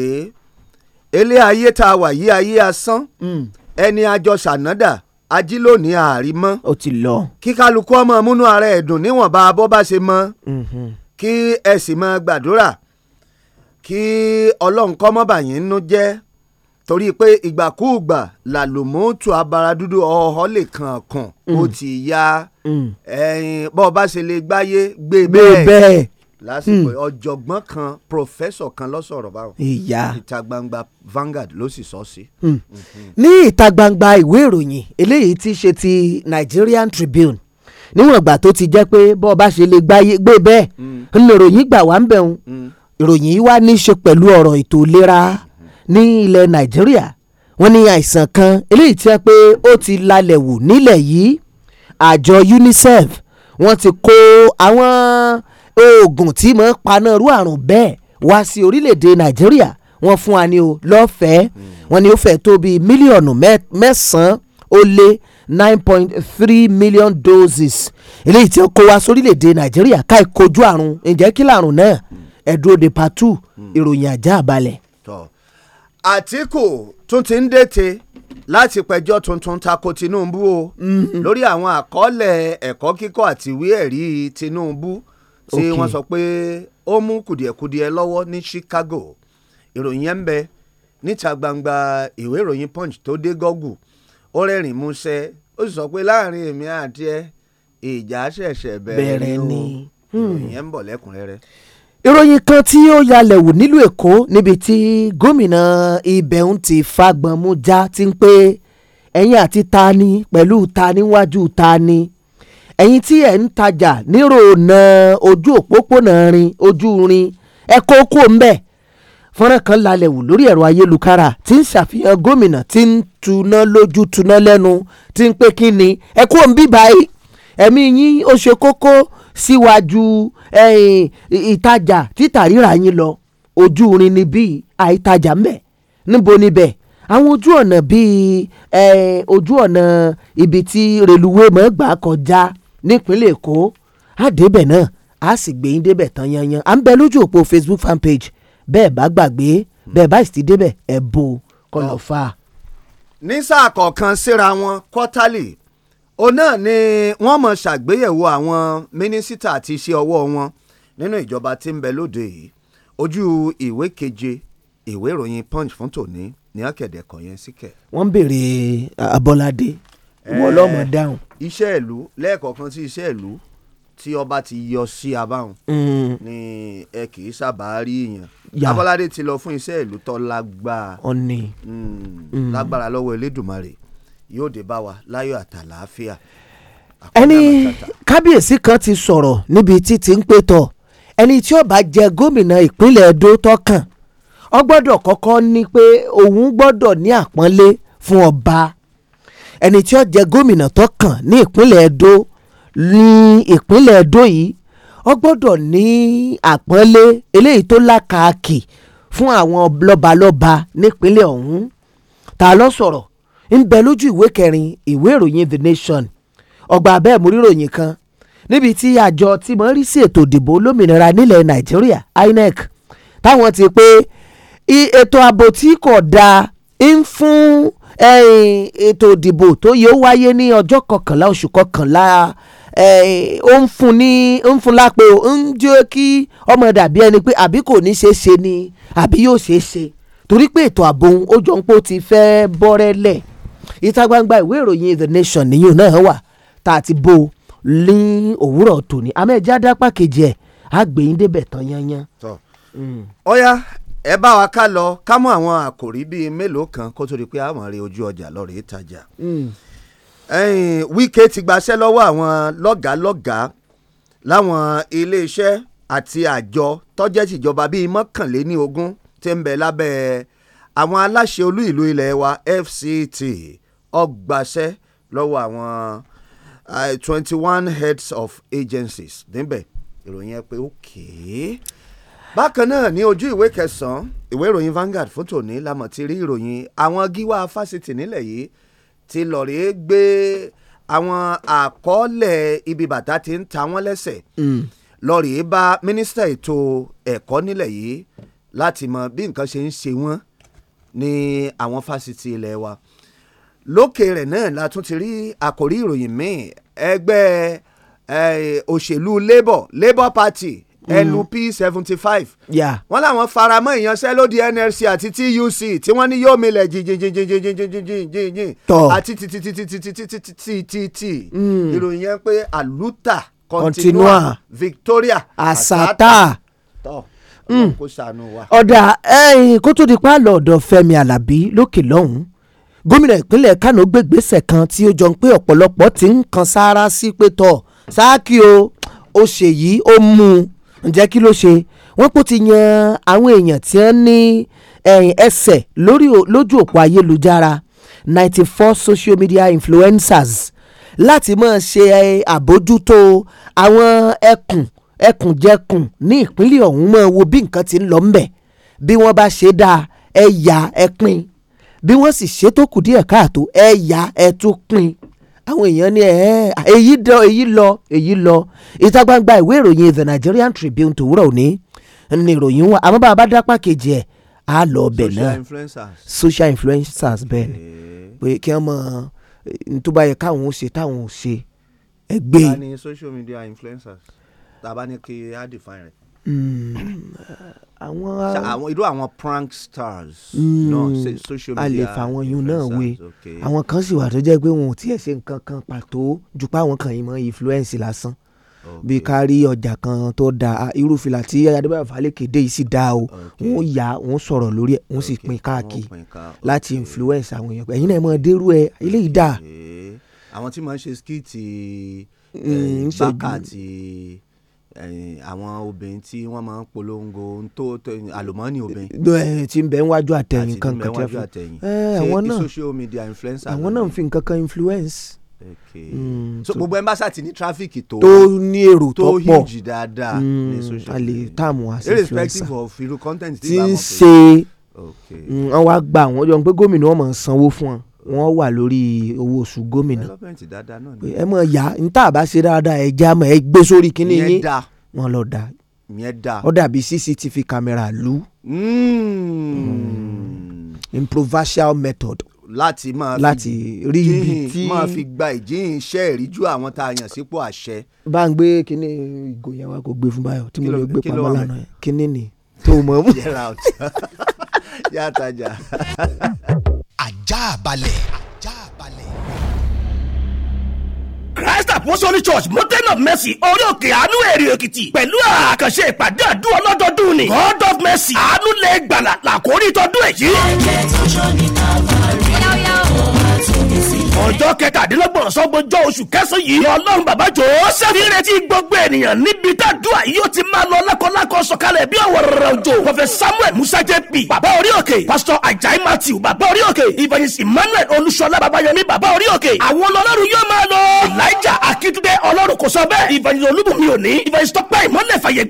ilé ayé tá a wà yí ayé asán hmm. ẹni àjọ ṣànádà ají lónìí àárí mọ́. ó ti lọ. kí kálukú ọmọ múnú ara ẹ̀ dùn níwọ̀nba bó bá ṣe mọ́ mm-hmm. kí ẹ sì máa gbàdúrà kí ọlọ́run kó má bà yín nú jẹ́ torí pé ìgbàkúùgbà làlùmọ́tò abaradudu ọ̀họ́ lè kàn kàn ó mm. ti yá mm. ẹ̀yìn bó bá ṣe lè gbáyé gbé bẹ́ẹ̀ lásìkò hmm. ọ̀jọ̀gbọ́n kan pòfẹ́sọ̀ kan ló sọ̀rọ̀ báwọn. ìyá ìta gbangba Vanguard ló sì sọ sí. Hmm. Mhm. ní ìta gbangba ìwé ìròyìn eléyìí ti ṣe ti Nigerian Tribune níwọ̀n ìgbà tó ti jẹ́ pé bọ́ ọ bá ṣe lè gbé bẹ́ẹ̀ hmm. ńlọrọ̀yìn gbà wá ń bẹ̀ ń ìròyìn yìí wá ní í ṣe pẹ̀lú ọ̀rọ̀ ètò ìlera ní ilẹ̀ Nàìjíríà wọ́n ní àìsàn kan eléyìí tí wọ́n pé ó ti lalẹ̀ wù nílẹ̀ yìí àjọ UNICEF wọ́n ti kó àwọn oògùn tí mò ń panáró àrùn bẹ́ẹ̀ wá sí orílẹ̀-èdè nàìjíríà wọ́n fún wa ní o lọ́fẹ̀ẹ́ hmm. wọ́n ní ó fẹ́ tó bíi mílíọ̀nù mẹ́sàn-án ó lé nine point three million doses eléyìí tí ó kó wa sórílẹ̀-èdè nàìjíríà káì kojú àrùn ǹjẹ́ kí làrùn náà hmm. ẹ̀dúró de part two hmm. ìròyìn ajá àbálẹ̀. àtìkù tún ti ń dètè láti pẹjọ́ tuntun tako tinubu o mhm. lórí àwọn àkọọ́lẹ̀ ẹ̀kọ́ kíkọ́ àti ìwé ẹ̀rí tinubu tí wọ́n sọ pé ó mú kùdìẹ̀kudiẹ lọ́wọ́ ní Chicago ìròyìn yẹn ń bẹ níta gbangba ìwé ìròyìn punch tó dé gọ́gù ó rẹ́rìn músẹ́ ó sì sọ pé láàrin èmi àti ẹ ìjà ṣẹ̀ṣẹ̀ bẹ̀rẹ̀ ni o ìròyìn hmm. yẹn ń bọ̀ lẹ́kùnrẹ́rẹ́ ìròyìn kan tí ó yalẹ̀ wò nílùú èkó níbi tí gómìnà ibẹ̀ ń ti fagbọnmu já ti ń pé ẹ̀yìn àti ta ni pẹ̀lú ta níwájú ta ni ẹ̀yin tí ẹ̀ ń tajà nírònà ojú òpópónà rin ojú rin ẹ kó kó ń bẹ̀ fọ́nrán kan lálẹ́ wù lórí ẹ̀rọ ayélujára tí ń ṣàfihàn gómìnà tí ń tuná lójú tuná lẹ́nu tí ń pé kí ni ẹ kó ń bí báyìí ẹ̀mí yín ó ṣe kókó síwájú ìtajà títà ríra yín lọ ojú rin ni bíi àìtajà ńbẹ níbo níbẹ̀ àwọn ojú ọ̀nà bíi ojú ọ̀nà ibi tí reluwé mọ̀ gbà kọjá nípínlẹ̀ èkó a débẹ̀ náà a sì gbé yín débẹ̀ tán yanyan à ń bẹ lójú òpó facebook fan page bẹ́ẹ̀ bá gbàgbé bẹ́ẹ̀ bá sì ti débẹ̀ ẹ̀ bò kọlọ̀ fà. ní sáà kọ̀ọ̀kan síra wọn quarterly òun náà ni wọ́n mọ̀ ṣàgbéyẹ̀wò àwọn mínísítà àti iṣẹ́ ọwọ́ wọn nínú ìjọba tí ń bẹ lóde yìí ojú ìwé keje ìwé ìròyìn punch fún tòní ní ọ̀kẹ́dẹ̀ kọ̀yẹn síkẹ̀. wọ́n ń béèrè abọ́ládé ìwọ lọ́mọ dáhùn. iṣẹ́ ìlú lẹ́ẹ̀kọ̀ọ̀kan tí iṣẹ́ ìlú tí ọba ti yọ sí abáhùn mm. ni ẹ kì í sábà rí èèyàn Abọ́ládé ti lọ fún iṣẹ́ ìlú tó lágbára ọ̀nì mm, mm. lágbára lọ́wọ́ Elédùmarè yóò dé bá wa láyọ̀ àtàlàáfíà. ẹni kábíyèsí kan ti sọ̀rọ̀ níbi títí ń pé tọ̀ ẹni tí ó jẹ gómìnà ìpínlẹ̀ Ẹdó tọ́kàn ó kọ́kọ́ ní pé òun gbọ́dọ̀ ní àpọ́nlé fún ọba ẹni tí ó jẹ gómìnà tó kàn ní ìpínlẹ̀ Ẹdó ní ìpínlẹ̀ Ẹdó yìí ó gbọ́dọ̀ ní àpọ́nlé eléyìí tó lákàákì fún àwọn lọ́balọ́ba nípínlẹ̀ ọ̀hún ta ló sọ̀rọ̀ ń bẹ lójú ìwé kẹrin ìwé ìròyìn The Nation ọgbà abẹ́ ìmúríròyìn kan níbi tí àjọ tí mo ń rí sí ètò ìdìbò olómìnira nílẹ̀ Nàìjíríà INEC táwọn ti pé ètò ààbò tí kò dáa ń fún ètò ìdìbò tó yẹ ó wáyé ní ọjọ́ kọkànlá oṣù kọkànlá ó ń fún ní ń fún lápò ń jẹ́ kí ọmọ ẹni pé àbí kò ní ṣeé ṣe ni àbí yóò ṣeé ṣe torí pé ètò ààbò ó jọ ń pò ti fẹ́ bọ́rẹ́lẹ̀ ìta gbangba ìwé ìròyìn the nation nìyẹn náà wà tá a ti bo ní òwúrọ̀ tòní àmọ́ ẹ̀já kejì ẹ̀ àgbẹ̀yìn débẹ̀ ẹ bá wa ká lọ ká mú àwọn àkòrí bíi mélòó kan kó tó di pé àwọn rè ojú ọjà lọ́ọ̀rẹ́ ìtajà. Hmm. Wike ti gbaṣẹ́ lọ́wọ́ àwọn lọ́gàálọ́gàá láwọn iléeṣẹ́ àti àjọ tọ́jẹ́ tìjọba bíi mọ́kànléní ogún ti ń bẹ lábẹ́ àwọn aláṣẹ olú ìlú ilẹ̀ wa FCT ọgbàṣẹ́ lọ́wọ́ àwọn eh, twenty one heads of agencies níbẹ̀ ìròyìn ẹ pé ókèé. Okay bákan náà ní ojú ìwé kẹsàn-án ìwé ìròyìn Vanguard fún tòní la mọ̀ ti rí ìròyìn àwọn gíwá fásitì nílẹ̀ yìí ti lọ́ọ̀rẹ́ gbé àwọn àkọọ́lẹ̀ ibi bàtà ti ń ta wọ́n lẹ́sẹ̀ mm. lọ́ọ̀rẹ́ bá mínísítà ètò ẹ̀kọ́ nílẹ̀ yìí láti mọ bí nǹkan ṣe ń ṣe wọ́n ní àwọn fásitì ilẹ̀ wa lókè rẹ̀ náà la tún ti rí àkórí ìròyìn míì ẹgbẹ́ òṣèlú Labour Labour Party NUP mm. seventy five. wọ́n làwọn faramọ́ ìyanṣẹ́lódì NLC àti TUC tí wọ́n ní yóò milẹ̀ jìnjìnjìnjìnjìnjìnjìnjìn àti tìtìtìtìtìtìtìtìtì ìròyìn yẹn pé àlùtà continua Victoria àsátà kó sànù wa. ọ̀dà ẹ̀yìn kó tó di pa lọ ọ̀dọ̀ Fẹ́mi Alábí lókè lọ́hùn-ún gómìnà ìpínlẹ̀ Kánò gbégbèsè kan tí ó jọ ń pé ọ̀pọ̀lọpọ̀ ti ń kan sáárá sí pé tọ̀ sáàkì o ó ṣe yìí ó mú un ǹjẹ́ kí ló ṣe wọ́n kò ti yan àwọn èèyàn tí wọ́n ní ẹsẹ̀ lórí lójú òpó ayélujára ninety four social media influencers láti máa ṣe àbójútó àwọn ẹkùn ẹkùnjẹkùn ní ìpínlẹ̀ ọ̀hún máa wo bí nǹkan ti ń lọ ńbẹ̀ bí wọ́n bá ṣe dáa ẹ yà ẹ pín bí wọ́n sì ṣètò kù díẹ̀ káàtó ẹ yà ẹ àwọn èèyàn ní ẹ èyí lọ èyí lọ èyí lọ ìta gbangba ìwé ìròyìn the Nigerian Tribune tòwúrọ̀ òní ni ìròyìn wọn àmọ́ bá a bá dápá kejì ẹ̀ á lọ ọbẹ̀ náà social influencers bẹ́ẹ̀ ni pé kí wọ́n mọ eh, tó yẹ káwọn ó ṣe táwọn ó ṣe ẹgbẹ́. ta ni social media influencers tàbá kí Hmm. Hmm. Uh, àwọn. àwọn irú àwọn prank stars. náà hmm. social media a lè fa àwọn yun náà we àwọn kan sì wà tó jẹ́ pé wọn ò tiẹ̀ ṣe nǹkan kan pàtó ju pé àwọn kan yìí mọ influence lásán bí ká rí ọjà kan tó da irú fìlà tí adébáyọ̀ falẹ̀ kéde yìí sì da o wọ́n yà wọ́n sọ̀rọ̀ lórí ẹ̀ wọ́n sì pín káàkiri láti influence àwọn èèyàn ẹ̀yin náà mọ̀ dérú ẹ̀ ilé yìí dà. àwọn tí màá ṣe skit eh, bákà Eh, àwọn obìnrin tí wọ́n máa ń polongo tó àlùmọ́ọ́nì obìnrin. Eh, eh, tí ń bẹ ń wájú àtẹ̀yìn kan kan tẹ́ fún àwọn social media influencer àwọn náà ń fi nǹkan kan influence. Okay. Mm, so gbogbo ẹmbásà ti ní tráfíkì tó tó ní èrò tó pọ̀ tó huge dáadáa ní mm, social media. a lè táàmù as influencer irrespective of irú content tí bá wọn pè é. ti ń ṣe mm, wọ́n wá gba àwọn ọjọ́ pé gómìnà ọmọ sanwó fún wọn wọ́n wà lórí owó oṣù gómìnà ẹ mọ̀ ya n tá bá ṣe dáadáa ẹ já mọ̀ ẹ gbé sórí kínní yín wọ́n lọ da ó dàbí cctv camera lu hmm. improvisational method láti máa láti rí ibi tí máa fi gba ìjíhìn iṣẹ́ ìríjú àwọn tá a yàn sípò àṣẹ. bá ń gbé kíní ìgò yẹn wá kó gbé fún báyọ̀ tí mo lè gbé pamọ́ lánàá yẹn ni mọ̀. get out yá àtajà. ajá balẹ̀. ajá Christ Apostolic Church Mountain of Mercy orí òkè àánú èrè Èkìtì pẹ̀lú àkànṣe ìpàdé àdúrà ọlọ́dọọdún ni God of Mercy àánú lè gbàlà làkórí tọdún èyí. ẹgbẹ́ tó ṣọ́ níta ọjọ́ kẹtàdínlọ́gbọ̀n sọ́gbọ́njọ́ oṣù kẹsàn-án yìí ọlọ́run bàbá jò ó sẹ́fì retí gbogbo ènìyàn níbi tàdúrà yóò ti máa lọ lákọ̀lákọ̀ sọ̀kalẹ̀ bí ọ̀wọ̀rọ̀rọ̀ òjò prọfẹ̀ samuel musa jp bàbá orí òkè pásítọ̀ ajayi matthew bàbá orí òkè evangelist emmanuel olúṣọlá babayẹmí bàbá orí òkè àwọn ọlọ́run yóò máa lọ elijah akitunde ọlọ́run kò sọ bẹ́ẹ̀ evangelist olúbùnmi òní evangelist tọ́pẹ́ ìmọ̀lẹ̀ fàyè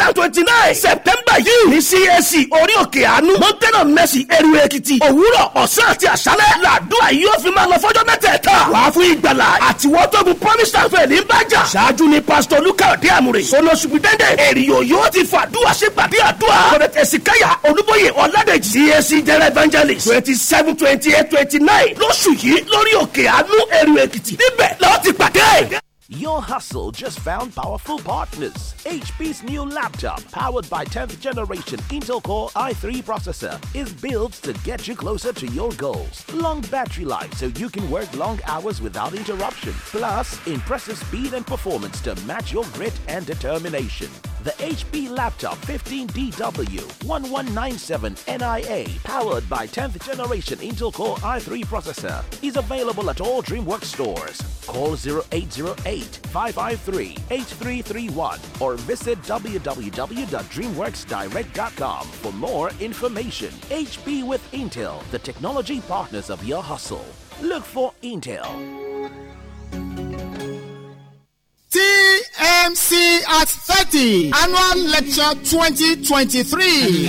and twenty nine september yìí ní cac orí òkè àánú mountain of mercy èrú èkìtì òwúrọ̀ ọ̀sán bẹ́ẹ̀ làdúrà yóò fi máa lọ fọ́jọ́ mẹ́tẹ̀ẹ̀ta. wàá fún ìgbàlà àtiwọ́ tó bu promise transfer ní bájà. ṣáájú ni pásítọ̀ luka òde àmúre. sọlọ supidẹ́ndẹ̀ èrìyò yóò ti fàdúrà sí gbàdí àdúrà. kọ̀dẹ̀tẹ̀ sikaya olúbóyè ọ̀làdẹ̀jì. CAC jẹ́rẹ̀ evangelist twenty seven twenty eight twenty nine lóṣù yìí lórí òkè àánú èrò èkìtì níbẹ̀ lọ́ọ́ ti pàdé. Your hustle just found powerful partners. HP's new laptop, powered by 10th generation Intel Core i3 processor, is built to get you closer to your goals. Long battery life so you can work long hours without interruption. Plus, impressive speed and performance to match your grit and determination. The HP Laptop 15DW1197NIA, powered by 10th generation Intel Core i3 processor, is available at all DreamWorks stores. Call 0808 888-553-8331 or visit www.dreamworksdirect.com for more information. HP with Intel, the technology partners of your hustle. Look for Intel. TMC at 30 Annual Lecture 2023.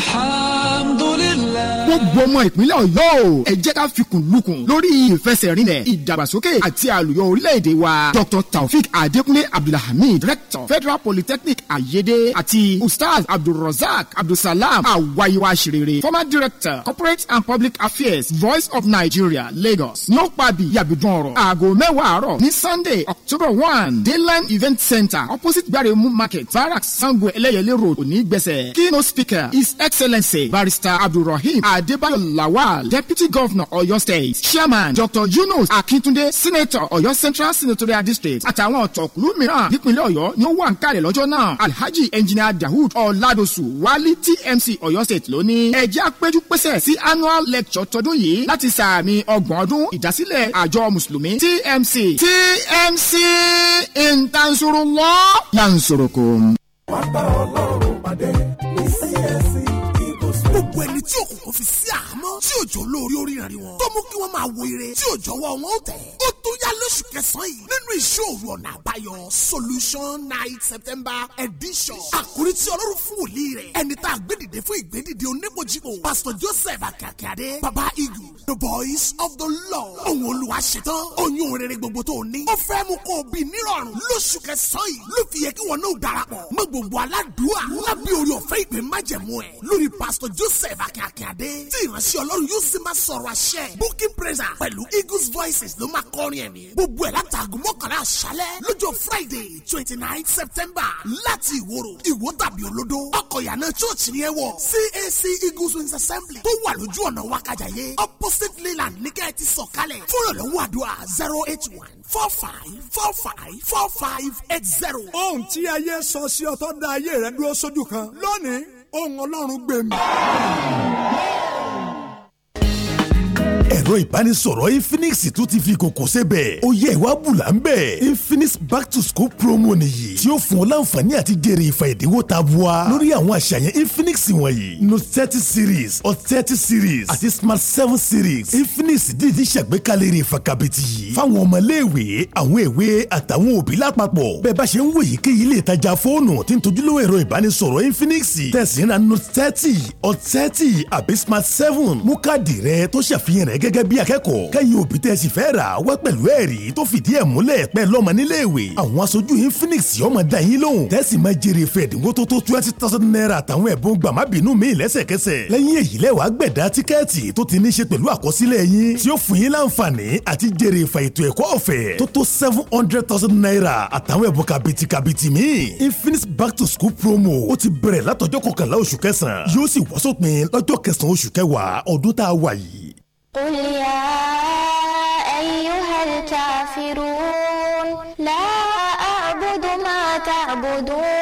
gbogbo ọmọ ìpínlẹ̀ ọ̀yọ́ ẹ jẹ́ ká fikùn lukùn lórí ìfẹsẹ̀rinlẹ̀ ìdàgbàsókè àti àlùyọ orílẹ̀-èdè wa dr taofik adekunle abdulhamid rector federal polytechnic ayede àti ustaz abdulrozak abdulsalam awaiwa ṣerere former director corporate and public affairs voice of nigeria lagos ló pàbí yàbìdún ọ̀rọ̀ aago mẹ́wàá àárọ̀ ní sunday october one dayland event center opposite gbaremu market barracks sango ẹlẹ́yẹlé road òní gbẹ̀sẹ̀ keynote speaker his excellency barrister abdulrahim ad Adebayo Lawal, Deputy Governor Oyo State, Chairman Dr. Yunus Akintunde, Senator Oyo Central Senatorial District, àtàwọn ọ̀tọ̀kùlú mìíràn nípínlẹ̀ Ọ̀yọ́ ni ó wà ń kárẹ̀ lọ́jọ́ náà. Alhaji Engineer Dahud Ọ̀làdọ̀sù Wálí TMC Oyo State ló ní. Ẹ̀jẹ̀ apẹ́jú sí annual lecture tọdún yìí láti sàmì ọgbọ̀n ọdún ìdásílẹ̀ àjọ Mùsùlùmí TMC TMC Intansurullah Yansurukum. Wàá bá Ọlọ́run pàdé gbogbo ẹni tí òkùnkùn fi sí àhámọ́ tí òjò lórí oríran wọn tó mú kí wọ́n máa wo ire tí òjò wọ wọn ó tẹ̀. ó tó yá lóṣù kẹsàn-án yìí nínú ìṣòro ọ̀nà àbáyọ solution night september edition. àkòrí tí ọlọ́run fún wòlíì rẹ̀ ẹni tá a gbé dìde fún ìgbédìde onípojìpò pastor joseph akíakíade baba igu the voice of the lord. òun olùwà ṣetán oyún rere gbogbo tó ní. ó fẹ́ mú kó o bí nírọ̀rùn lóṣù kẹsàn-án yìí ló fi yẹ ìgbésẹ̀ bá kíákíá dé tí ìránṣẹ́ ọlọ́run yóò sì máa sọ̀rọ̀ àṣẹ booking prayer pẹ̀lú eagles voices ló máa kọrin ẹ̀mí gbogbo ẹ̀ látàgùn mọ́kànlá àṣálẹ́ lọ́jọ́ friday twenty nine september láti ìwòrò ìwò tàbí olódó ọkọ̀ ìyànà church ni ẹ wọ̀ cac eagles wings assembly tó wà lójú ọ̀nà wákàjàyé opposite leland ní kẹ́ ẹ ti sọ̀kalẹ̀ fúnra lọ́wọ́ àdúrà zero eight one four five four five four five eight zero. ohun tí ayé sọ sí ọtọ́ da ayé rẹ dúró sójú kan lónìí ohun ọlọ́run gbé mi ẹ̀rọ ìbánisọ̀rọ̀ infinix tún ti fi kòkò sẹ́bẹ̀ ó yẹ ìwà bùlà ń bẹ̀ infinix back to school promo nìyí tí ó fún ọ láǹfààní àti jèrè ìfà ìdínwó ta bua lórí àwọn àṣàyàn infinix wọ̀nyí note thirty series or thirty series àti smart seven series infinix dídí ṣàgbékalẹ̀ rẹ̀ fàkàbẹ̀tì yìí fáwọn ọmọléèwé àwọn èwe àtàwọn òbí lápapọ̀ bẹ́ẹ̀ bá ṣe ń wò yìí kí ilé ìtajà fóònù tí ń tojúlówó ẹ̀rọ ìbánisọ̀rọ̀ infinix tẹ̀sí ra note thirty or thirty àbí smart seven mú káàdì rẹ tó ṣàfihàn rẹ gẹ́gẹ́ gẹ́gẹ́ bí akẹ́kọ̀ọ́ kẹ́yìn òbí tẹ́ ẹ sì fẹ́ rà wá pẹ̀lú ẹ̀rí tó fìdí ẹ̀ múlẹ̀ pẹ́ lọ́mọ nílé àwọn aṣojú Infinix ọmọ dá yín lóhùn tẹ́sí máa jèrè fẹ́ ẹ̀dínwó tó tó twenty thousand naira àtàwọn ẹ̀bùn gbàmábìínú mi lẹ́sẹ̀kẹsẹ̀ lẹ́yìn èyí lẹ́wàá gbẹ̀dá tíkẹ́ẹ̀tì tó ti ní ṣe pẹ̀lú àkọsílẹ̀ yín tí ó fún yín láǹfààní àti jèrè ìfà ètò ẹ̀kọ́ ọ̀fẹ́ tó tó seven hundred thousand naira àtàwọn ẹ̀bùn kàbìtì kàbìtì mi Infinix back to school promo ó ti bẹ̀rẹ̀ látọjọ́ kọkànlá oṣù kẹsàn-án yóò sì wá sópin lọ́jọ́ kẹsàn-án oṣù kẹwàá ọdún tá a wà yìí قل يا أيها الكافرون لا أعبد ما تعبدون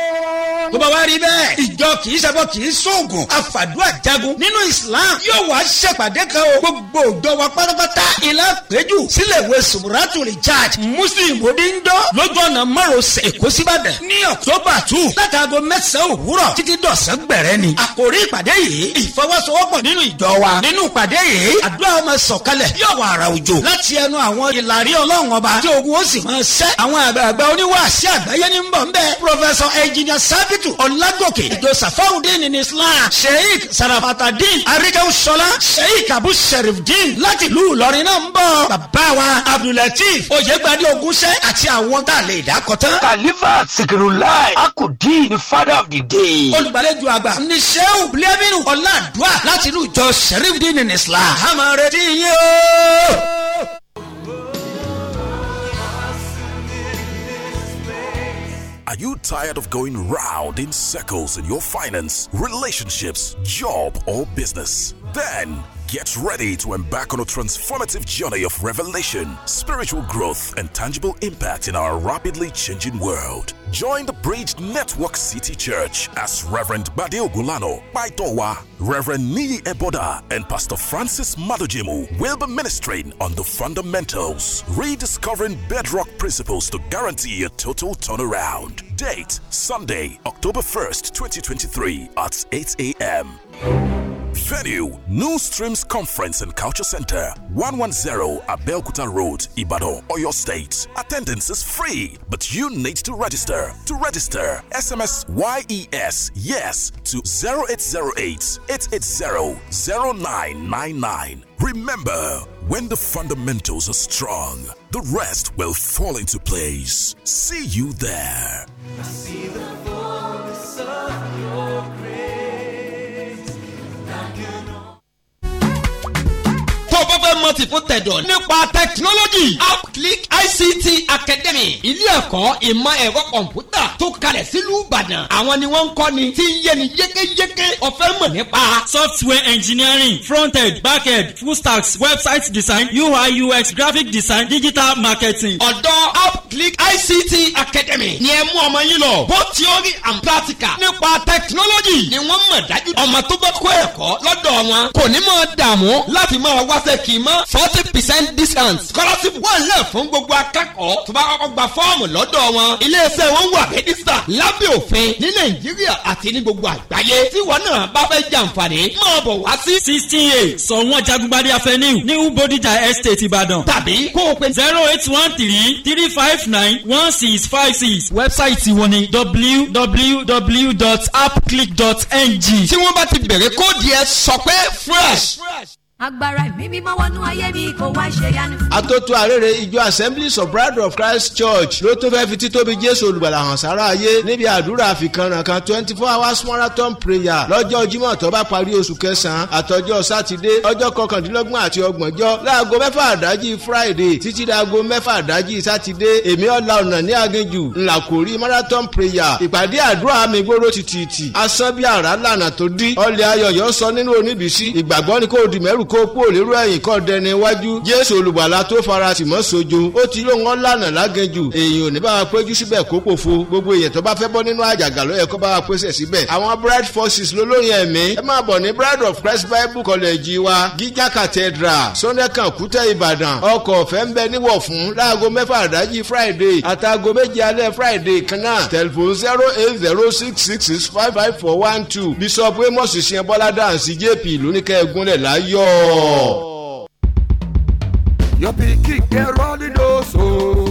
wá rí bẹ́ẹ̀ ìjọ kì í ṣẹbọ kì í sóògùn àfàdúrà jagun nínú islam yóò wá ṣèpàdé kan o gbogbo òjọ wa pátápátá ìlà péjú sílẹ̀ ìwé sùmùràtù rìjáàj muslim odinjọ lójú ọ̀nà márosẹ̀ èkó síbàdàn ní october two látàgò mẹ́sàn-án òwúrọ̀ títí dọ̀sán gbẹ̀rẹ́ ni àkòrí ìpàdé yìí ìfọwọ́sowọ́pọ̀ nínú ìjọ wa nínú ìpàdé yìí àdúrà ọmọ sọ̀kalẹ̀ yóò wà àrà òjò láti ẹnu àwọn ìlàrí ọlọ́run ọba tí ogun ó sì máa ṣẹ́ àwọn àgbààgbà oníwàásí àgbáyé ní ń bọ̀ ń bẹ́ẹ̀ professor engineer sabitu ọlágòkè ìjọ sàfáwùdín ní islam sheik sarafatadin arikaw sọlá sheik abu sherifdin láti ìlú ìlọrin náà ń bọ̀ bàbá wa abdulateef oyègbadé ogunṣẹ́ àti àwọn tá a lè dákọ̀ tán. khalifa sikirulai akudi ni father of the day. olùgbàlejò àgbà ni sheu bilaminu ọládùá láti ìlú ìjọ sherifdin ní islam. àmọ́ retí yín o. Are you tired of going round in circles in your finance, relationships, job, or business? Then Get ready to embark on a transformative journey of revelation, spiritual growth, and tangible impact in our rapidly changing world. Join the Bridge Network City Church as Reverend Badio Gulano, Baitowa, Reverend Nii Eboda, and Pastor Francis Madojimu will be ministering on the fundamentals, rediscovering bedrock principles to guarantee a total turnaround. Date Sunday, October 1st, 2023 at 8 a.m. Venue, New Streams Conference and Culture Center, 110 Abeokuta Road, Ibadan, Oyo State. Attendance is free, but you need to register. To register, SMS YES YES to 0808 880 0999. Remember, when the fundamentals are strong, the rest will fall into place. See you there. fọ́tì fún tẹ̀dọ̀ nípa tẹkinọ́lọ́jì Upclick ICT Academy ilé ẹ̀kọ́ ìmọ̀ ẹ̀rọ kọ̀m̀pútà tó kalẹ̀ sílùú Ìbàdàn àwọn ni wọ́n ń kọ́ ni tí ń yé ni yékéyéké ọ̀fẹ́ mọ̀ nípa. software engineering frontend backend full stacks website design UI UX graphic design digital marketing. ọ̀dọ́ Up Click ICT Academy ni ẹ mú ọmọ yín lọ. Both theory and practical nípa technology ni wọ́n mọ̀ dájú. Ọmọ tó bá kó ẹ̀kọ́ lọ́dọ̀ wọn kò ní mọ̀ dààmú láti máa wáṣẹ́ kì í mọ́ forty percent discount. Scholarship wà lẹ̀ fún gbogbo akẹ́kọ̀ọ́ tó bá kọ́kọ́ gba fọ́ọ̀mù lọ́dọ̀ wọn. Ilé-iṣẹ́ wọn wà rẹ́dísà lábẹ́ òfin ní Nàìjíríà àti ní gbogbo àgbáyé. Tí wọn náà bá fẹ́ jàǹfààní máa bọ̀ wá sí. sixteen eight sọ̀wọ́n jagunbadé afẹ́niw ní ubodija estate ibadan. Tàbí kó o pe zero eight one three three five five nine one six five six wẹ́bsáìtì wọn ni www.appclick.ng tí wọ́n bá ti bẹ̀rẹ̀ kóòdù yẹn sọ pé fresh. fresh agbára ẹ̀mí mímọ́ wọnú ayé mi kò wá ṣe yanu. àtòtò àrèrè ìjọ assemblies of bride of christ church ló tún fẹ́ fi títóbi jésù olùgbàlà hàn sára ayé níbi àdúrà àfikànrànkan twenty four hours marathon prayer lọ́jọ́ jímọ̀ tó bá parí oṣù kẹsàn-án àtọjọ́ sátidé ọjọ́ kọkàndínlọ́gbọ̀n àti ọgbọ̀njọ́ láago mẹ́fà àdájí friday títí daago mẹ́fà àdájí sátidé èmi ọ̀la ọ̀nà ní aginjù ńlàkórí marathon prayer ìpàdé àdúrà mi gbóró tìtìtì asán bí àrá lànà tó dí ọ̀lẹ́ ayọ̀yọ̀ sọ nínú oníbìsí ìgbàgbọ́ ni kò dì mẹ́rù kó kúrò lérú ẹ̀yìn kọ́ dẹni iwájú jésù olùgbàlà tó fara tìmọ́ sojo ó ti lóun ọ́ lànà lágẹ̀jù èèyàn ò ní bá wa péjú síbẹ̀ kó pòfo gbogbo èèyàn tó bá fẹ́ bọ́ nínú àjàgà ló kó bá wa pèsè síbẹ̀ àwọn bright forces lólóyin ẹ̀mí ẹ máa bọ̀ ní bride of christ bible college wa gíga cathedral sọ́nẹ́kàn kútẹ́ ìbàdàn ọkọ̀ ọ̀fẹ́ ń bẹ níwọ̀ fún láago mẹ́fà àdájí friday àtàgò méje alẹ́ friday kan náà zero eight zero six six six five five four one two bishop amos ìṣẹ́bọ́lá dànsí jp lóníkẹ́ ẹ̀gúnlẹ̀ láyọ̀ Your pikin get running also.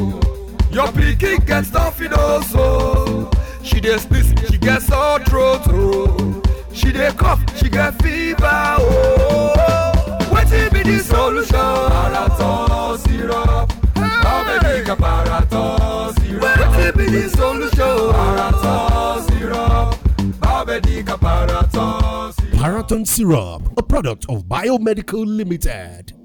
Your pikin get stuffing also. She dey sneeze, she get sore throat oh. She dey cough, she get fever oh. What Wetin be the solution? Paraton syrup. How many can paraton syrup? Wetin be the solution? Paraton syrup. How many can paraton Paraton Syrup, a product of Biomedical Limited.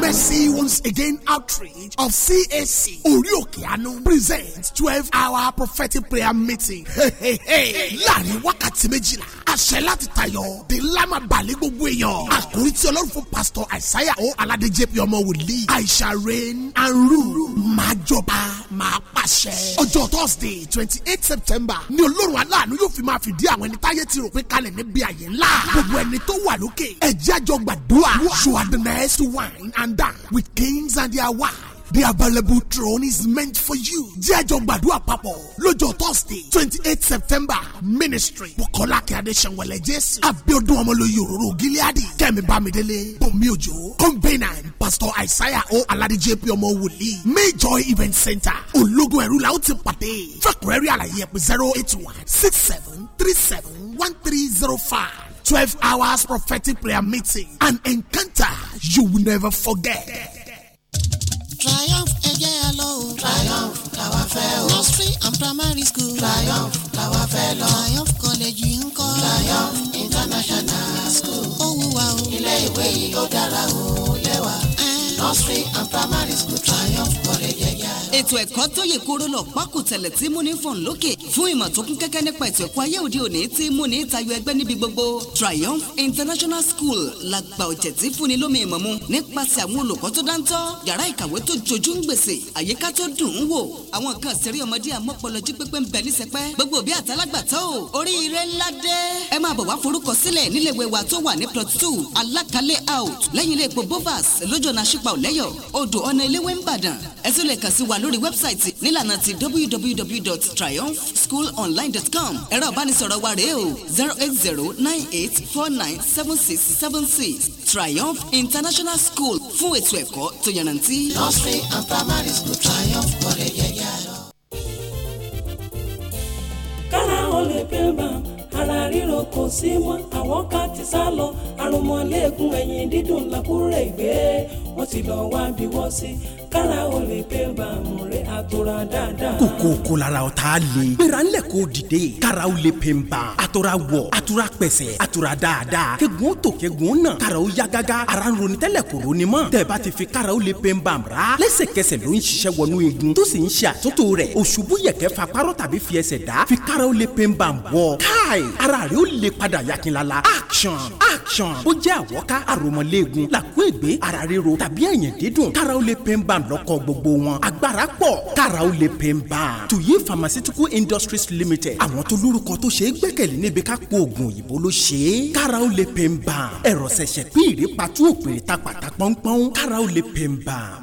Mercy once again outreach of CAC Orioke Anu presents twelve hour prophetic prayer meeting. Hey hey Láàrin wákàtí méjìlá, àṣẹ láti tayọ, di lámà balẹ̀ gbogbo èèyàn. Àkórí tí Ọlọ́run fún Pásítọ̀ Àìsáyà O Aládéjé bí ọmọ wòlíì. Àìsà reign and rule máa jọba máa pàṣẹ. Ọjọ́ Thursday twenty eight September ni Ọlọ́run aláàánú yóò fi máa fìdí àwọn ẹni táyé ti rò pé kalẹ̀ níbi àyè àyè ńlá. gbogbo ẹni tó wà lókè. ẹ jẹ́ àjọ gbàdúrà. you are the next wine and dine with kings and their wives. The available throne is meant for you. Jẹ́ àjọ gbàdúrà papọ̀ lọ́jọ́ Thursday twenty eight September ministry Bukola Akíade Sanwó-Ẹlẹ́ Jésù Abiodun Ọmọlóye Òróró Gileadi Kẹ́mi Bámidélé Bùnmi Òjò Combinant Pastor Isaiah O Aládé JP Ọmọ Wòlíì Major Event Center Ológun Ẹ̀rú la ó ti pàdé. Fẹ́kùrẹ́rì àlàyé ẹ̀pẹ̀ zero eight one six seven three seven one three zero five twelve hours prophetic prayer meeting an encounter you will never forget. Triumph ẹgbẹ́ àlọ́ o. Triumph làwa fẹ́ o. Nursery and primary school. Triumph làwa fẹ́ lọ. Triumph college ń Triumph international school. Ó wúwa o. Ilé ìwé yìí ó dára o lẹ́wà. Nursery and primary school. Triumph college ètò ẹ̀kọ́ tó yè kóró lọ pákó tẹ̀lẹ̀ tí múni fọ̀n lókè fún ìmọ̀ tó kún kẹ́kẹ́ nípa ètò ẹ̀kọ́ ayé òde òní tí múni tayọ ẹgbẹ́ níbi gbogbo Triumph International School la gba ọ̀jẹ̀ tí fúnni lómi ìmọ̀ mu nípasẹ̀ àwọn olùkọ́ tó dáńtọ́ yàrá ìkàwé tó jojú ń gbèsè àyíká tó dùn ún wò àwọn nǹkan ṣeré ọmọdé àmọ́pọ̀lọ́jí pépé ń bẹ ní sẹpẹ́ gbogbo òbí àtàlágbàtọ́ ò oríire ńlá dé ẹ máa bọ̀ wá forúkọ sílẹ̀ níléèwé wa tó wà ní plot two alákálẹ̀ out lẹ́yìn ilé epo bovas lójó náà ṣípa ọ̀lẹ́yọ̀ odò ọ̀nà eléwé ń bàdàn ẹ tún lè kàn sí wa lórí wẹ́bsáìtì nílànà ti www.triumphschoolonline.com ẹ̀rọ ìbánisọ̀rọ̀ wa rèé o zero eight zero nine eight four nine seven six seven six Triumph International School fún ètò ẹ̀kọ́ tó yànnàntí. nursery and primary school Triumph kọ̀rẹ́ yẹ̀yẹ́ àlọ́. kára ó lè pè bá ara ríro kò sí mọ́ àwọn ká ti sá lọ àrùnmọ́lẹ́gùn ẹ̀yìn dídùn làkúrẹ́ ìgbé wọ́n ti lọ́ọ́ wá bí wọ́n sí kára o lè pé bàmù rẹ̀ àtòrà dáadáa. kòkó kò lára o t'a le. gbéra ńlẹ̀ k'o dìde. kára o lè pè n ban. àtòrà wọ̀ àtòrà pẹ̀sẹ̀ àtòrà dáadáa. kẹ́gun tó kẹ́gun nà. kára o ya gágá. ara ń ronú tẹ́lẹ̀ kò ronú ti fi kára o lè n ban ra. lẹ́sẹ̀kẹsẹ̀ ló ń ṣiṣẹ́ wọnú igun. tó sì ń ṣe àtúntò rẹ̀. òṣùbù yẹ̀kẹ́ fa párọ̀ tàbí fi ẹsẹ̀ fi kára o lè n ban bọ̀. káì ara rẹ̀ ó lè padà yakinlala. action action. ó jẹ́ àwọ̀ká àròmọ̀lẹ́gun làkún ìgbé ara ríro tàbí ẹ̀yìn dídùn. kára o lè pè n ban lọ́kọ̀ gbogbo wọn agbára pọ̀ kára ó lè pè ń bá a. tuyi pharmaceutical industries limited àwọn tó lórúkọ tó ṣe é gbẹ́kẹ̀lé níbi ká po oògùn òyìnbó ló ṣe é kára ó lè pè ń bá a. ẹ̀rọ ṣẹ̀ṣẹ̀ pín ìrè patú òpèrè ta pàtà ó lè pè ń bá a.